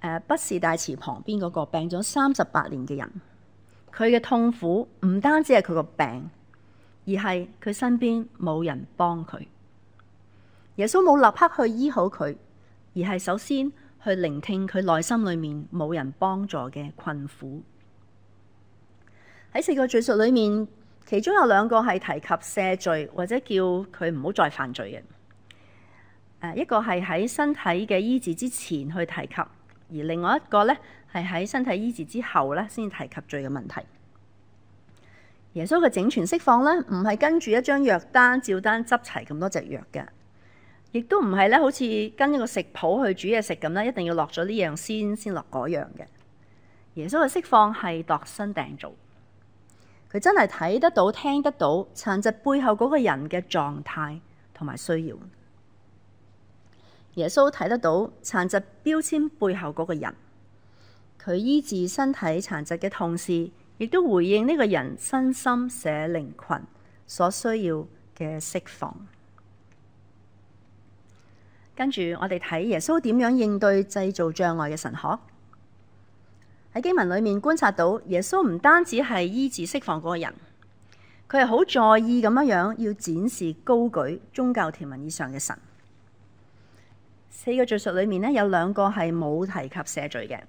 誒畢士大池旁邊嗰、嗰個病咗三十八年嘅人，佢嘅痛苦唔單止係佢個病，而係佢身邊冇人幫佢。耶穌冇立刻去醫好佢。而係首先去聆聽佢內心裏面冇人幫助嘅困苦。喺四個敘述裏面，其中有兩個係提及赦罪或者叫佢唔好再犯罪嘅。誒、啊、一個係喺身體嘅醫治之前去提及，而另外一個咧係喺身體醫治之後咧先提及罪嘅問題。耶穌嘅整全釋放咧，唔係跟住一張藥單照單執齊咁多隻藥嘅。亦都唔係咧，好似跟一個食譜去煮嘢食咁咧，一定要落咗呢樣先，先落嗰樣嘅。耶穌嘅釋放係度身訂做，佢真係睇得到、聽得到殘疾背後嗰個人嘅狀態同埋需要。耶穌睇得到殘疾標籤背後嗰個人，佢醫治身體殘疾嘅同時，亦都回應呢個人身心社靈羣所需要嘅釋放。跟住我哋睇耶穌點樣應對製造障礙嘅神學。喺經文裏面觀察到，耶穌唔單止係醫治釋放嗰個人，佢係好在意咁樣樣要展示高舉宗教條文以上嘅神。四個敘述裏面咧，有兩個係冇提及赦罪嘅，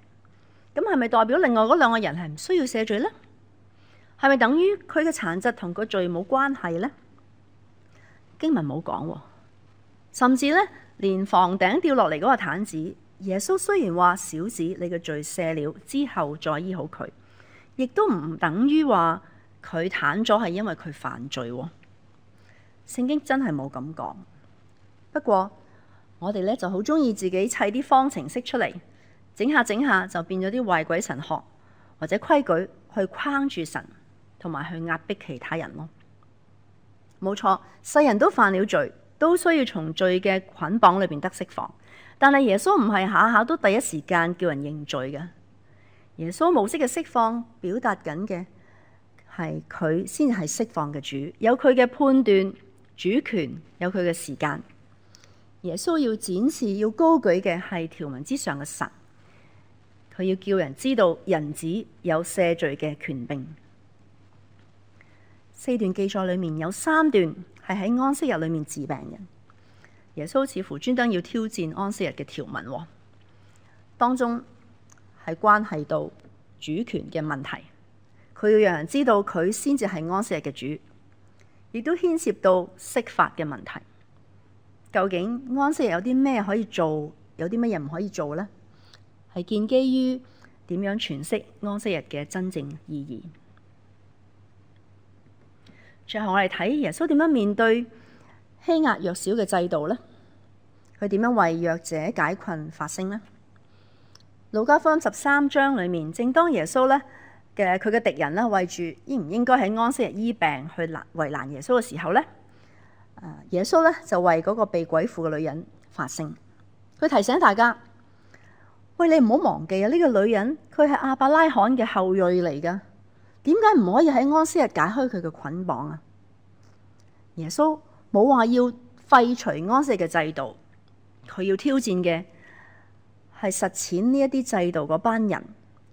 咁係咪代表另外嗰兩個人係唔需要赦罪呢？係咪等於佢嘅殘疾同個罪冇關係呢？經文冇講，甚至咧。連房頂掉落嚟嗰個癱子，耶穌雖然話小子，你嘅罪赦了，之後再醫好佢，亦都唔等於話佢癱咗係因為佢犯罪。聖經真係冇咁講。不過我哋呢就好中意自己砌啲方程式出嚟，整下整下就變咗啲壞鬼神學或者規矩去框住神，同埋去壓迫其他人咯。冇錯，世人都犯了罪。都需要從罪嘅捆綁裏邊得釋放，但係耶穌唔係下下都第一時間叫人認罪嘅。耶穌模式嘅釋放，表達緊嘅係佢先係釋放嘅主，有佢嘅判斷、主權，有佢嘅時間。耶穌要展示、要高舉嘅係條文之上嘅神，佢要叫人知道人子有赦罪嘅權柄。四段記載裏面有三段，係喺安息日裏面治病人，耶穌似乎專登要挑戰安息日嘅條文喎，當中係關係到主權嘅問題，佢要讓人知道佢先至係安息日嘅主，亦都牽涉到釋法嘅問題，究竟安息日有啲咩可以做，有啲乜嘢唔可以做呢？係建基於點樣詮釋安息日嘅真正意義。最後我哋睇耶穌點樣面對欺壓弱小嘅制度咧？佢點樣為弱者解困發聲咧？《路加福音》十三章裏面，正當耶穌咧嘅佢嘅敵人咧為住應唔應該喺安息日醫病去難為難耶穌嘅時候咧，耶穌咧就為嗰個被鬼附嘅女人發聲，佢提醒大家：喂，你唔好忘記啊！呢個女人佢係阿伯拉罕嘅後裔嚟㗎。點解唔可以喺安息日解開佢嘅捆綁啊？耶穌冇話要廢除安息嘅制度，佢要挑戰嘅係實踐呢一啲制度嗰班人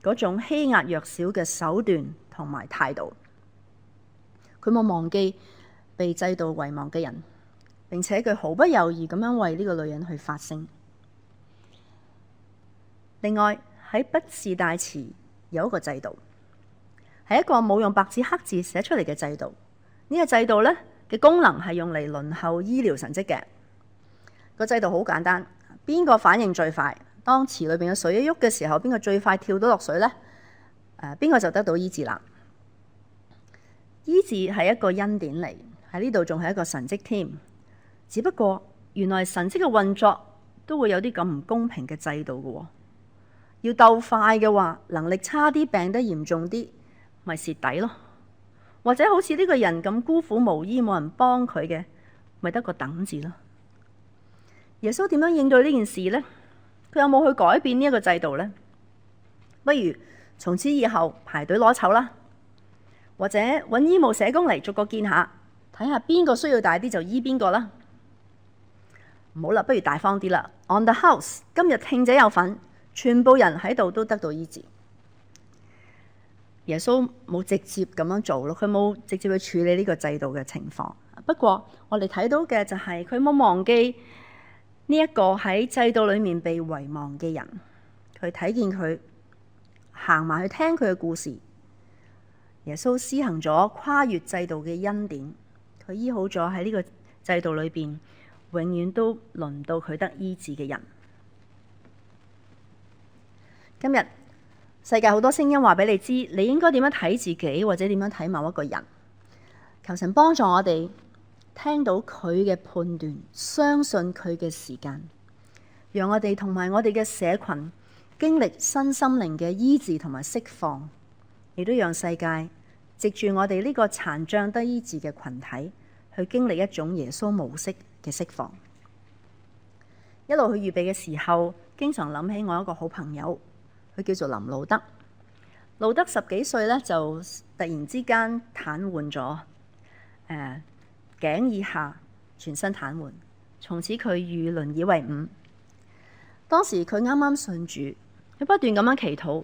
嗰種欺壓弱小嘅手段同埋態度。佢冇忘記被制度遺忘嘅人，並且佢毫不猶豫咁樣為呢個女人去發聲。另外喺不事大詞有一個制度。係一個冇用白紙黑字寫出嚟嘅制度。呢、這個制度呢，嘅功能係用嚟輪候醫療神蹟嘅。這個制度好簡單，邊個反應最快？當池裏邊嘅水一喐嘅時候，邊個最快跳到落水呢？誒、呃，邊個就得到醫治啦？醫治係一個恩典嚟喺呢度，仲係一個神蹟添。只不過原來神蹟嘅運作都會有啲咁唔公平嘅制度嘅。哦，要鬥快嘅話，能力差啲，病得嚴重啲。咪蝕底咯，或者好似呢個人咁孤苦無依，冇人幫佢嘅，咪得個等字咯。耶穌點樣應對呢件事呢？佢有冇去改變呢一個制度呢？不如從此以後排隊攞籌啦，或者揾醫務社工嚟逐個見下，睇下邊個需要大啲就醫邊個啦。唔好啦，不如大方啲啦。On the house，今日聽者有份，全部人喺度都得到醫治。耶穌冇直接咁樣做咯，佢冇直接去處理呢個制度嘅情況。不過，我哋睇到嘅就係佢冇忘記呢一個喺制度裏面被遺忘嘅人，佢睇見佢，行埋去，聽佢嘅故事。耶穌施行咗跨越制度嘅恩典，佢醫好咗喺呢個制度裏邊永遠都輪唔到佢得醫治嘅人。今日。世界好多聲音話俾你知，你應該點樣睇自己，或者點樣睇某一個人。求神幫助我哋聽到佢嘅判斷，相信佢嘅時間，讓我哋同埋我哋嘅社群經歷新心靈嘅醫治同埋釋放，亦都讓世界藉住我哋呢個殘障得醫治嘅群體去經歷一種耶穌模式嘅釋放。一路去預備嘅時候，經常諗起我一個好朋友。佢叫做林路德，路德十幾歲咧就突然之間癱瘓咗，誒、呃、頸以下全身癱瘓，從此佢與輪椅為伍。當時佢啱啱信主，佢不斷咁樣祈禱。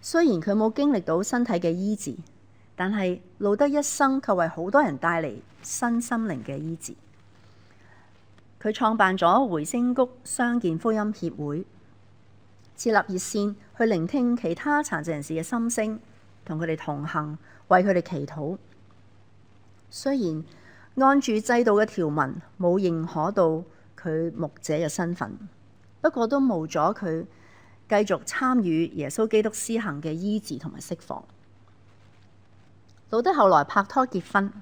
雖然佢冇經歷到身體嘅醫治，但係路德一生卻為好多人帶嚟新心靈嘅醫治。佢創辦咗回聲谷傷健福音協會。設立熱線去聆聽其他殘疾人士嘅心聲，同佢哋同行，為佢哋祈禱。雖然按住制度嘅條文冇認可到佢牧者嘅身份，不過都冇阻佢繼續參與耶穌基督施行嘅醫治同埋釋放。老德後來拍拖結婚，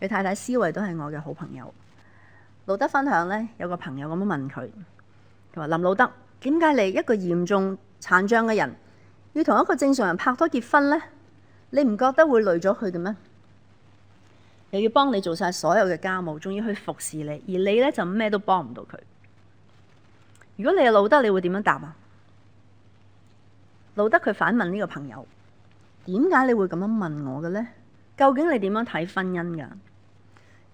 佢太太思維都係我嘅好朋友。老德分享呢，有個朋友咁樣問佢，佢話：林老德。點解你一個嚴重殘障嘅人要同一個正常人拍拖結婚咧？你唔覺得會累咗佢嘅咩？又要幫你做晒所有嘅家務，仲要去服侍你，而你咧就咩都幫唔到佢。如果你係老德，你會點樣答啊？老德佢反問呢個朋友：點解你會咁樣問我嘅咧？究竟你點樣睇婚姻㗎？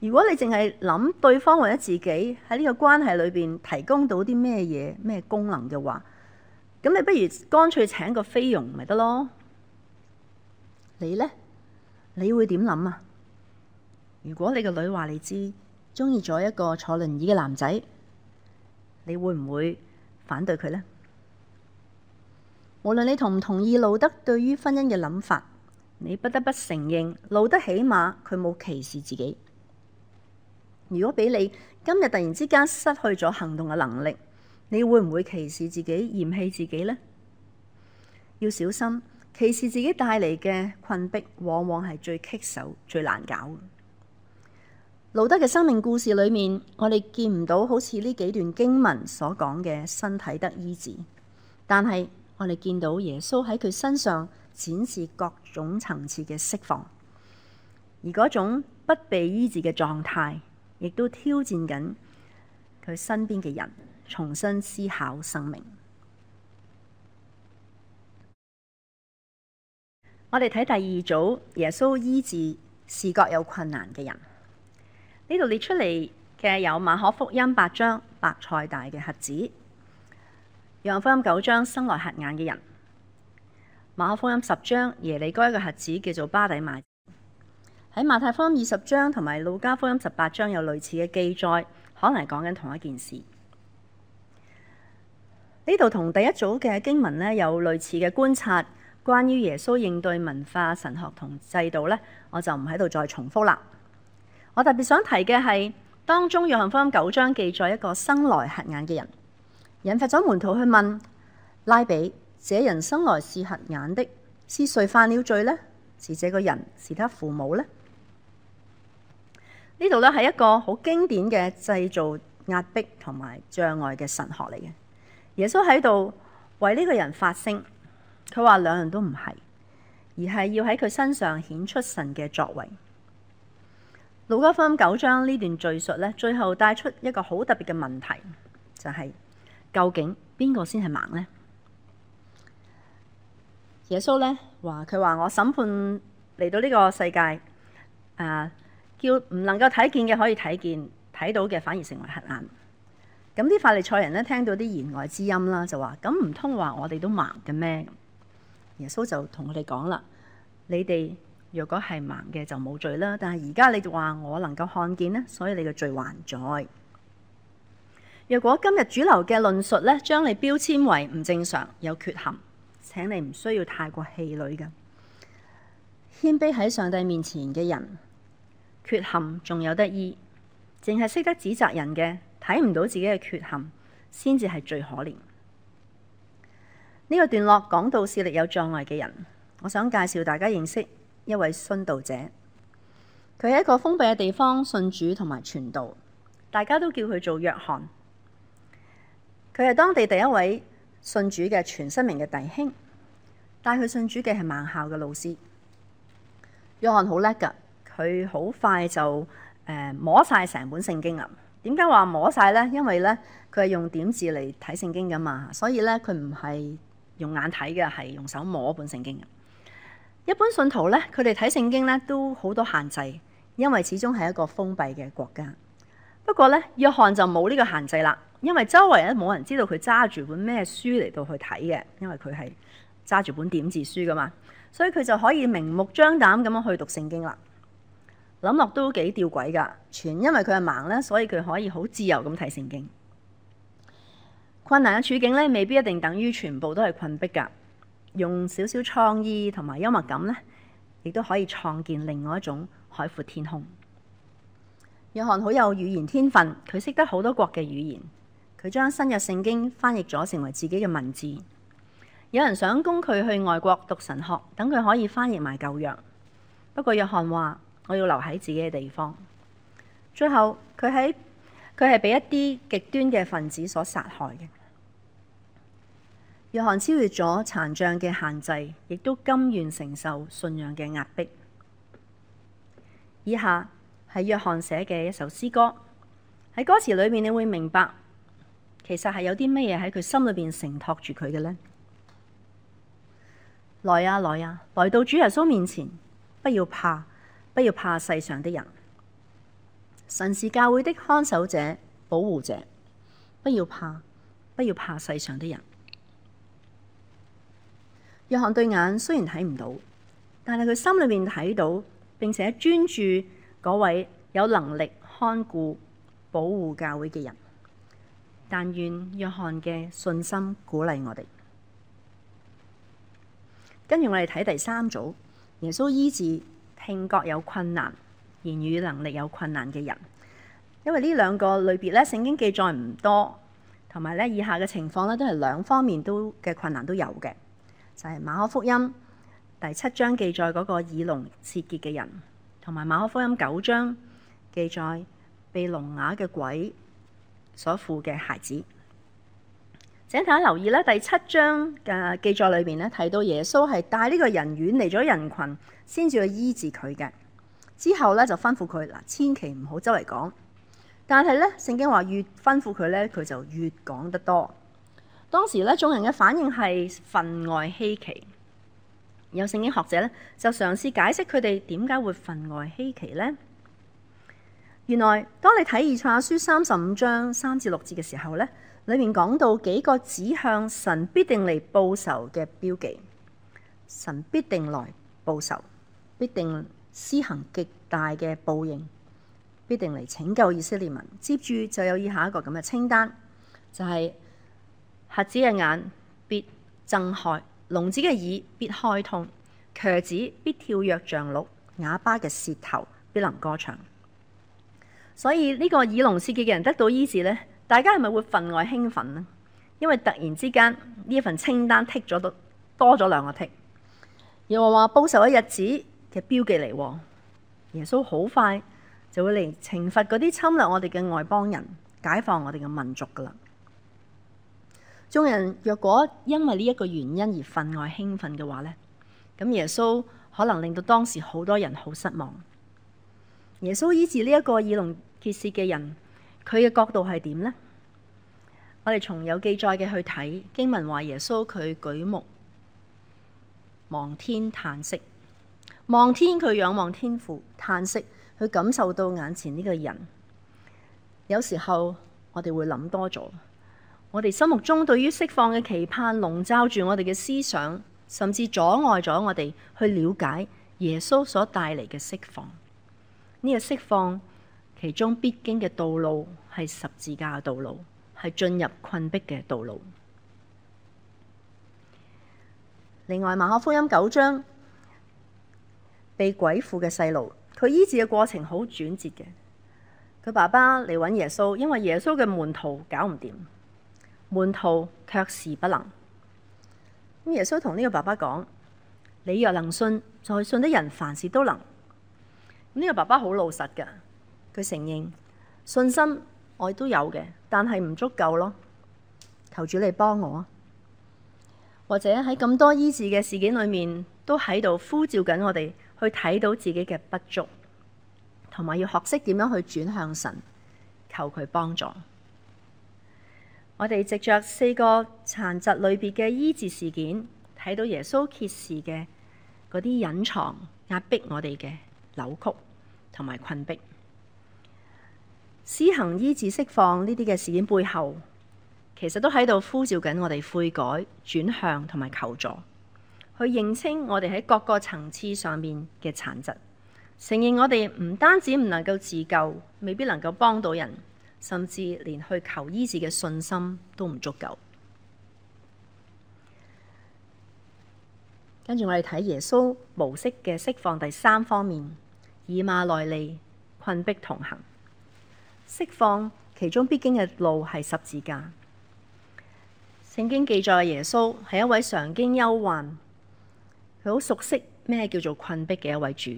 如果你淨係諗對方或者自己喺呢個關係裏邊提供到啲咩嘢咩功能嘅話，咁你不如乾脆請個菲傭咪得咯。你咧，你會點諗啊？如果你個女話你知中意咗一個坐輪椅嘅男仔，你會唔會反對佢咧？無論你同唔同意路德對於婚姻嘅諗法，你不得不承認路德起碼佢冇歧視自己。如果俾你今日突然之間失去咗行動嘅能力，你會唔會歧視自己、嫌棄自己呢？要小心歧視自己帶嚟嘅困逼，往往係最棘手、最難搞嘅。路德嘅生命故事裏面，我哋見唔到好似呢幾段經文所講嘅身體得醫治，但係我哋見到耶穌喺佢身上展示各種層次嘅釋放，而嗰種不被醫治嘅狀態。亦都挑戰緊佢身邊嘅人，重新思考生命。 我哋睇第二組，耶穌醫治視覺有困難嘅人。呢度列出嚟嘅有馬可福音八章白菜大嘅瞎子，約翰福音九章生來瞎眼嘅人，馬可福音十章耶利哥一個瞎子叫做巴底買。喺馬太福音二十章同埋路加福音十八章有類似嘅記載，可能係講緊同一件事。呢度同第一組嘅經文呢，有類似嘅觀察，關於耶穌應對文化、神學同制度呢，我就唔喺度再重複啦。我特別想提嘅係當中約翰福音九章記載一個生來瞎眼嘅人，引發咗門徒去問拉比：「這人生來是瞎眼的，是誰犯了罪呢？是這個人，是他父母呢？」呢度咧係一個好經典嘅製造壓迫同埋障礙嘅神學嚟嘅。耶穌喺度為呢個人發聲，佢話兩樣都唔係，而係要喺佢身上顯出神嘅作為。路加福音九章呢段敘述咧，最後帶出一個好特別嘅問題，就係究竟邊個先係盲咧？耶穌咧話佢話我審判嚟到呢個世界，啊！叫唔能夠睇見嘅可以睇見，睇到嘅反而成為黑暗。咁啲法利賽人呢，聽到啲言外之音啦，就話，咁唔通話我哋都盲嘅咩？耶穌就同佢哋講啦：你哋若果係盲嘅就冇罪啦，但係而家你就話我能夠看見呢，所以你嘅罪還在。若果今日主流嘅論述呢，將你標籤為唔正常、有缺陷，請你唔需要太過氣餒嘅。謙卑喺上帝面前嘅人，缺陷仲有得醫，淨係識得指責人嘅，睇唔到自己嘅缺陷，先至係最可憐。呢個段落講到視力有障礙嘅人，我想介紹大家認識一位殉道者。佢喺一個封閉嘅地方信主同埋傳道，大家都叫佢做約翰。佢係當地第一位信主嘅全失明嘅弟兄，帶佢信主嘅係盲校嘅老師。約翰好叻㗎。佢好快就誒摸晒成本聖經啊！點解話摸晒呢？因為咧佢係用點字嚟睇聖經噶嘛，所以咧佢唔係用眼睇嘅，係用手摸本聖經嘅。一般信徒咧，佢哋睇聖經咧都好多限制，因為始終係一個封閉嘅國家。不過咧，約翰就冇呢個限制啦，因為周圍咧冇人知道佢揸住本咩書嚟到去睇嘅，因為佢係揸住本點字書噶嘛，所以佢就可以明目張膽咁樣去讀聖經啦。諗落都幾吊詭噶，全因為佢係盲咧，所以佢可以好自由咁睇聖經。困難嘅處境咧，未必一定等於全部都係困逼噶，用少少創意同埋幽默感咧，亦都可以創建另外一種海闊天空。嗯、約翰好有語言天分，佢識得好多國嘅語言，佢將新約聖經翻譯咗成為自己嘅文字。有人想供佢去外國讀神學，等佢可以翻譯埋舊約。不過約翰話。我要留喺自己嘅地方。最後，佢喺佢係被一啲極端嘅分子所殺害嘅。約翰超越咗殘障嘅限制，亦都甘願承受信仰嘅壓迫。以下係約翰寫嘅一首詩歌。喺歌詞裏面你會明白，其實係有啲乜嘢喺佢心裏邊承托住佢嘅呢。來啊來啊，來到主耶穌面前，不要怕。不要怕世上的人，神是教會的看守者、保護者。不要怕，不要怕世上的人。約翰對眼雖然睇唔到，但係佢心裏面睇到，並且專注嗰位有能力看顧、保護教會嘅人。但願約翰嘅信心鼓勵我哋。跟住我哋睇第三組，耶穌醫治。聽覺有困難、言語能力有困難嘅人，因為呢兩個類別咧，聖經記載唔多，同埋咧以下嘅情況咧，都係兩方面都嘅困難都有嘅，就係、是、馬可福音第七章記載嗰個耳聾舌結嘅人，同埋馬可福音九章記載被聾啞嘅鬼所附嘅孩子。請大家留意咧，第七章嘅記載裏邊咧，提到耶穌係帶呢個人遠離咗人群，先至去醫治佢嘅。之後咧就吩咐佢嗱，千祈唔好周圍講。但係咧，聖經話越吩咐佢咧，佢就越講得多。當時咧，眾人嘅反應係分外稀奇。有聖經學者咧，就嘗試解釋佢哋點解會分外稀奇咧。原來，當你睇《以賽亞書》三十五章三至六節嘅時候咧。裏面講到幾個指向神必定嚟報仇嘅標記，神必定來報仇，必定施行極大嘅報應，必定嚟拯救以色列民。接住就有以下一個咁嘅清單，就係、是、瞎子嘅眼必睜開，聾子嘅耳必開通，瘸子必跳躍像鹿，啞巴嘅舌頭必能歌唱。所以呢個耳聾失記嘅人得到醫治呢。大家係咪會分外興奮呢？因為突然之間，呢一份清單剔咗多咗兩個剔，又話報仇嘅日子嘅標記嚟。耶穌好快就會嚟懲罰嗰啲侵略我哋嘅外邦人，解放我哋嘅民族噶啦。眾人若果因為呢一個原因而分外興奮嘅話呢，咁耶穌可能令到當時好多人好失望。耶穌醫治呢一個耳聾結舌嘅人。佢嘅角度係點呢？我哋從有記載嘅去睇經文話，耶穌佢舉目望天嘆息，望天，佢仰望天父嘆息，佢感受到眼前呢個人。有時候我哋會諗多咗，我哋心目中對於釋放嘅期盼籠罩住我哋嘅思想，甚至阻礙咗我哋去了解耶穌所帶嚟嘅釋放。呢個釋放。其中必經嘅道路係十字架嘅道路，係進入困逼嘅道路。另外，《馬可福音》九章，被鬼附嘅細路，佢醫治嘅過程好轉折嘅。佢爸爸嚟搵耶穌，因為耶穌嘅門徒搞唔掂，門徒卻是不能。咁耶穌同呢個爸爸講：你若能信，在信的人凡事都能。呢個爸爸好老實嘅。佢承認信心我都有嘅，但係唔足夠咯。求主嚟幫我，或者喺咁多醫治嘅事件裏面，都喺度呼召緊我哋去睇到自己嘅不足，同埋要學識點樣去轉向神，求佢幫助。我哋藉着四個殘疾類別嘅醫治事件，睇到耶穌揭示嘅嗰啲隱藏壓迫我哋嘅扭曲同埋困迫。施行醫治釋放呢啲嘅事件背後，其實都喺度呼召緊我哋悔改、轉向同埋求助，去認清我哋喺各個層次上面嘅殘疾，承認我哋唔單止唔能夠自救，未必能夠幫到人，甚至連去求醫治嘅信心都唔足夠。跟住我哋睇耶穌模式嘅釋放第三方面：以馬內利，困逼同行。釋放其中必經嘅路係十字架。聖經記載耶穌係一位常經憂患，佢好熟悉咩叫做困逼嘅一位主。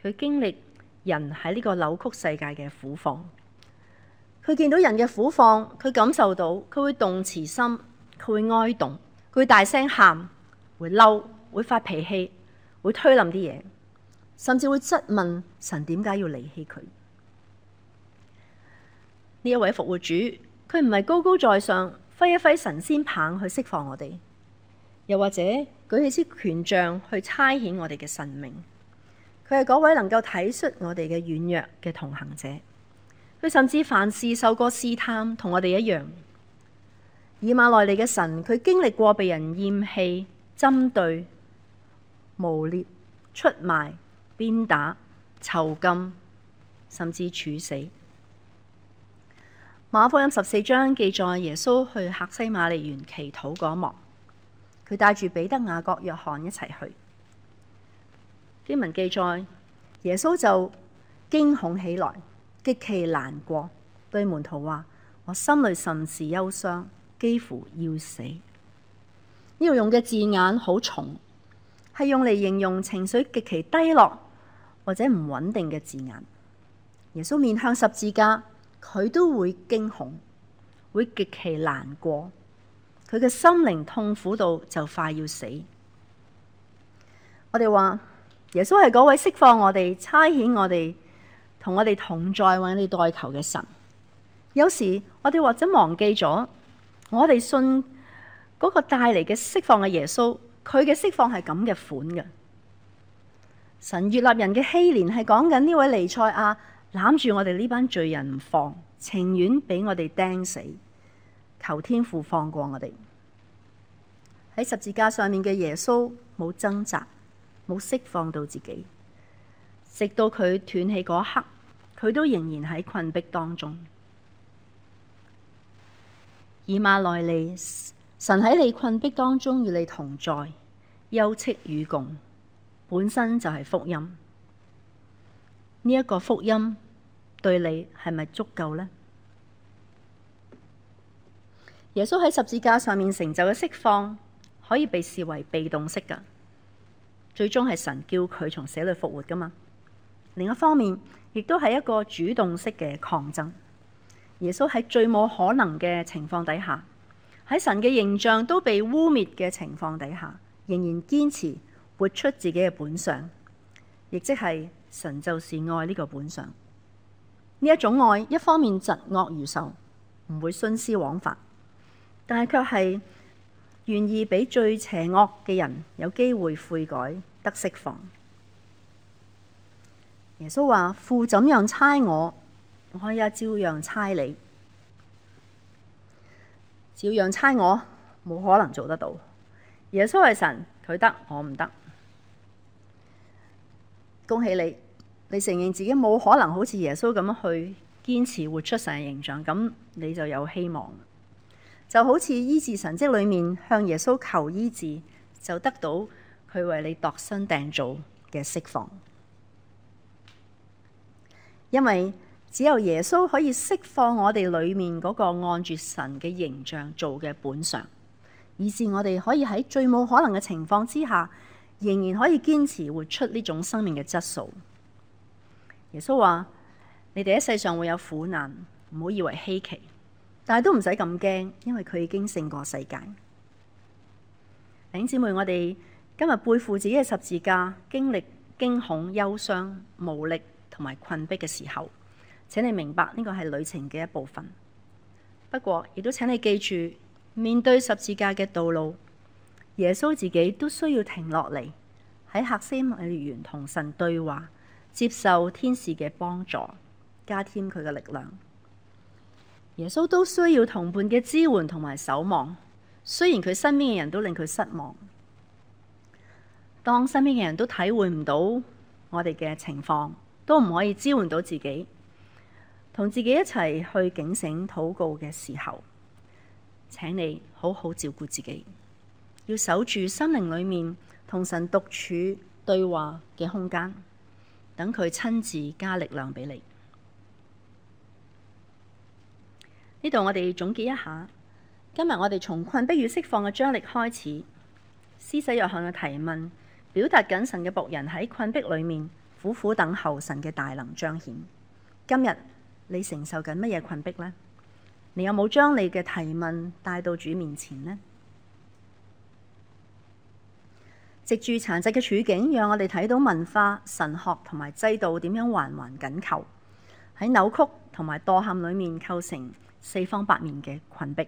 佢經歷人喺呢個扭曲世界嘅苦況，佢見到人嘅苦況，佢感受到，佢會動慈心，佢會哀慟，佢會大聲喊，會嬲，會發脾氣，會推冧啲嘢，甚至會質問神點解要離棄佢。呢一位復活主，佢唔係高高在上，揮一揮神仙棒去釋放我哋，又或者舉起支權杖去差遣我哋嘅神明。佢係嗰位能夠體恤我哋嘅軟弱嘅同行者。佢甚至凡事受過試探，同我哋一樣。以馬內利嘅神，佢經歷過被人厭棄、針對、污衊、出賣、鞭打、囚禁，甚至處死。馬福音十四章記載耶穌去客西馬尼園祈禱嗰一幕，佢帶住彼得、雅各、約翰一齊去。經文記載耶穌就驚恐起來，極其難過，對門徒話：我心裏甚是憂傷，幾乎要死。呢度用嘅字眼好重，係用嚟形容情緒極其低落或者唔穩定嘅字眼。耶穌面向十字架。佢都會驚恐，會極其難過，佢嘅心靈痛苦到就快要死。我哋話耶穌係嗰位釋放我哋、差遣我哋、同我哋同在、為我哋代求嘅神。有時我哋或者忘記咗，我哋信嗰個帶嚟嘅釋放嘅耶穌，佢嘅釋放係咁嘅款嘅。神越立人嘅希年係講緊呢位彌賽亞。攬住我哋呢班罪人唔放，情願俾我哋釘死，求天父放過我哋。喺十字架上面嘅耶穌冇掙扎，冇釋放到自己，直到佢斷氣嗰刻，佢都仍然喺困逼當中。以馬內利，神喺你困逼當中與你同在，休戚與共，本身就係福音。呢一個福音對你係咪足夠呢？耶穌喺十字架上面成就嘅釋放，可以被視為被動式噶，最終係神叫佢從死裏復活噶嘛。另一方面，亦都係一個主動式嘅抗爭。耶穌喺最冇可能嘅情況底下，喺神嘅形象都被污蔑嘅情況底下，仍然堅持活出自己嘅本相，亦即係。神就是愛呢個本相，呢一種愛一方面嫉惡如仇，唔會徇私枉法，但係卻係願意俾最邪惡嘅人有機會悔改得釋放。耶穌話：父怎樣差我，我也照樣差你，照樣差我，冇可能做得到。耶穌係神，佢得我唔得。恭喜你！你承認自己冇可能好似耶穌咁樣去堅持活出神嘅形象，咁你就有希望。就好似醫治神蹟裏面向耶穌求醫治，就得到佢為你度身訂造嘅釋放。因為只有耶穌可以釋放我哋裏面嗰個按住神嘅形象做嘅本相，以至我哋可以喺最冇可能嘅情況之下。仍然可以堅持活出呢種生命嘅質素。耶穌話：你哋喺世上會有苦難，唔好以為稀奇，但係都唔使咁驚，因為佢已經勝過世界。弟兄姊妹，我哋今日背負自己嘅十字架，經歷驚恐、憂傷、無力同埋困逼嘅時候，請你明白呢個係旅程嘅一部分。不過，亦都請你記住，面對十字架嘅道路。耶穌自己都需要停落嚟喺客西馬尼園同神對話，接受天使嘅幫助，加添佢嘅力量。耶穌都需要同伴嘅支援同埋守望。雖然佢身邊嘅人都令佢失望，當身邊嘅人都體會唔到我哋嘅情況，都唔可以支援到自己，同自己一齊去警醒禱告嘅時候，請你好好照顧自己。要守住心靈裏面同神獨處對話嘅空間，等佢親自加力量俾你。呢度我哋總結一下，今日我哋從窘迫與釋放嘅張力開始。施洗約翰嘅提問，表達緊神嘅僕人喺窘迫裏面苦苦等候神嘅大能彰顯。今日你承受緊乜嘢窘迫呢？你有冇將你嘅提問帶到主面前呢？藉住殘疾嘅處境，讓我哋睇到文化、神學同埋制度點樣環環緊扣喺扭曲同埋墮陷裏面構成四方八面嘅窘迫。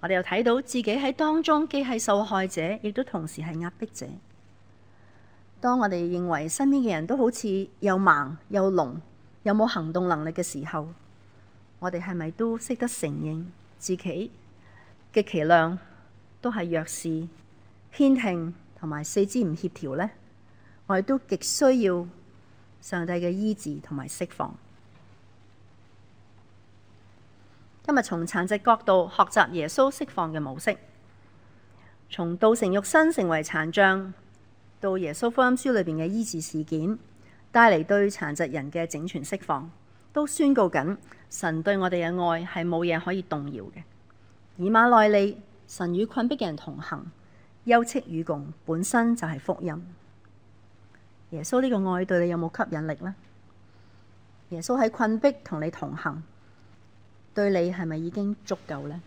我哋又睇到自己喺當中既係受害者，亦都同時係壓迫者。當我哋認為身邊嘅人都好似又盲又聾，又冇行動能力嘅時候，我哋係咪都識得承認自己極其量都係弱視、偏聽？同埋四肢唔協調呢，我哋都極需要上帝嘅醫治同埋釋放。今日從殘疾角度學習耶穌釋放嘅模式，從道成肉身成為殘障，到耶穌福音書裏邊嘅醫治事件，帶嚟對殘疾人嘅整全釋放，都宣告緊神對我哋嘅愛係冇嘢可以動搖嘅。以馬內利，神與困逼嘅人同行。休戚與共本身就係福音。耶穌呢個愛對你有冇吸引力呢？耶穌喺困逼同你同行，對你係咪已經足夠呢？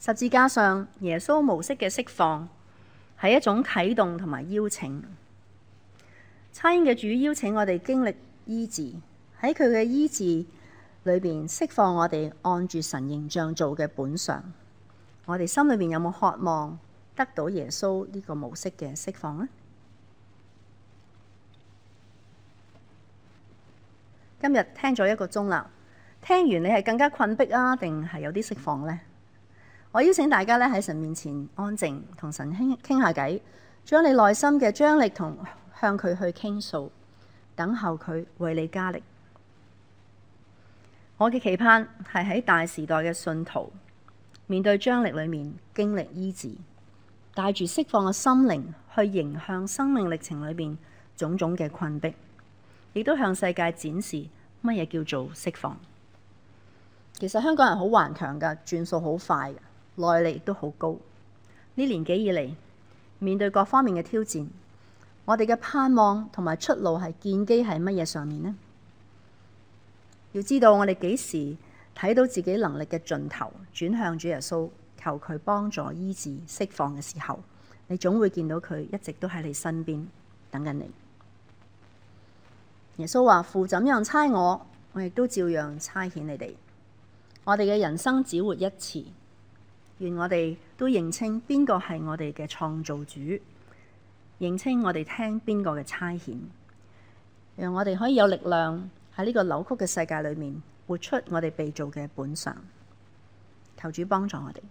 十字架上耶穌模式嘅釋放係一種啟動同埋邀請。差遣嘅主邀請我哋經歷醫治，喺佢嘅醫治裏邊釋放我哋按住神形象做嘅本相。我哋心裏面有冇渴望得到耶穌呢個模式嘅釋放呢？今日聽咗一個鐘啦，聽完你係更加困迫啊，定係有啲釋放呢？我邀請大家咧喺神面前安靜，同神傾傾下偈，將你內心嘅張力同向佢去傾訴，等候佢為你加力。我嘅期盼係喺大時代嘅信徒。面對張力裏面經歷醫治，帶住釋放嘅心靈去迎向生命歷程裏面種種嘅困迫，亦都向世界展示乜嘢叫做釋放。其實香港人好頑強噶，轉數好快，耐力都好高。呢年紀以嚟，面對各方面嘅挑戰，我哋嘅盼望同埋出路係建基喺乜嘢上面呢？要知道我哋幾時睇到自己能力嘅盡頭，轉向主耶穌，求佢幫助醫治釋放嘅時候，你總會見到佢一直都喺你身邊等緊你。耶穌話：父怎樣差我，我亦都照樣差遣你哋。我哋嘅人生只活一次，願我哋都認清邊個係我哋嘅創造主，認清我哋聽邊個嘅差遣，讓我哋可以有力量喺呢個扭曲嘅世界裏面。活出我哋被造嘅本相，求主幫助我哋。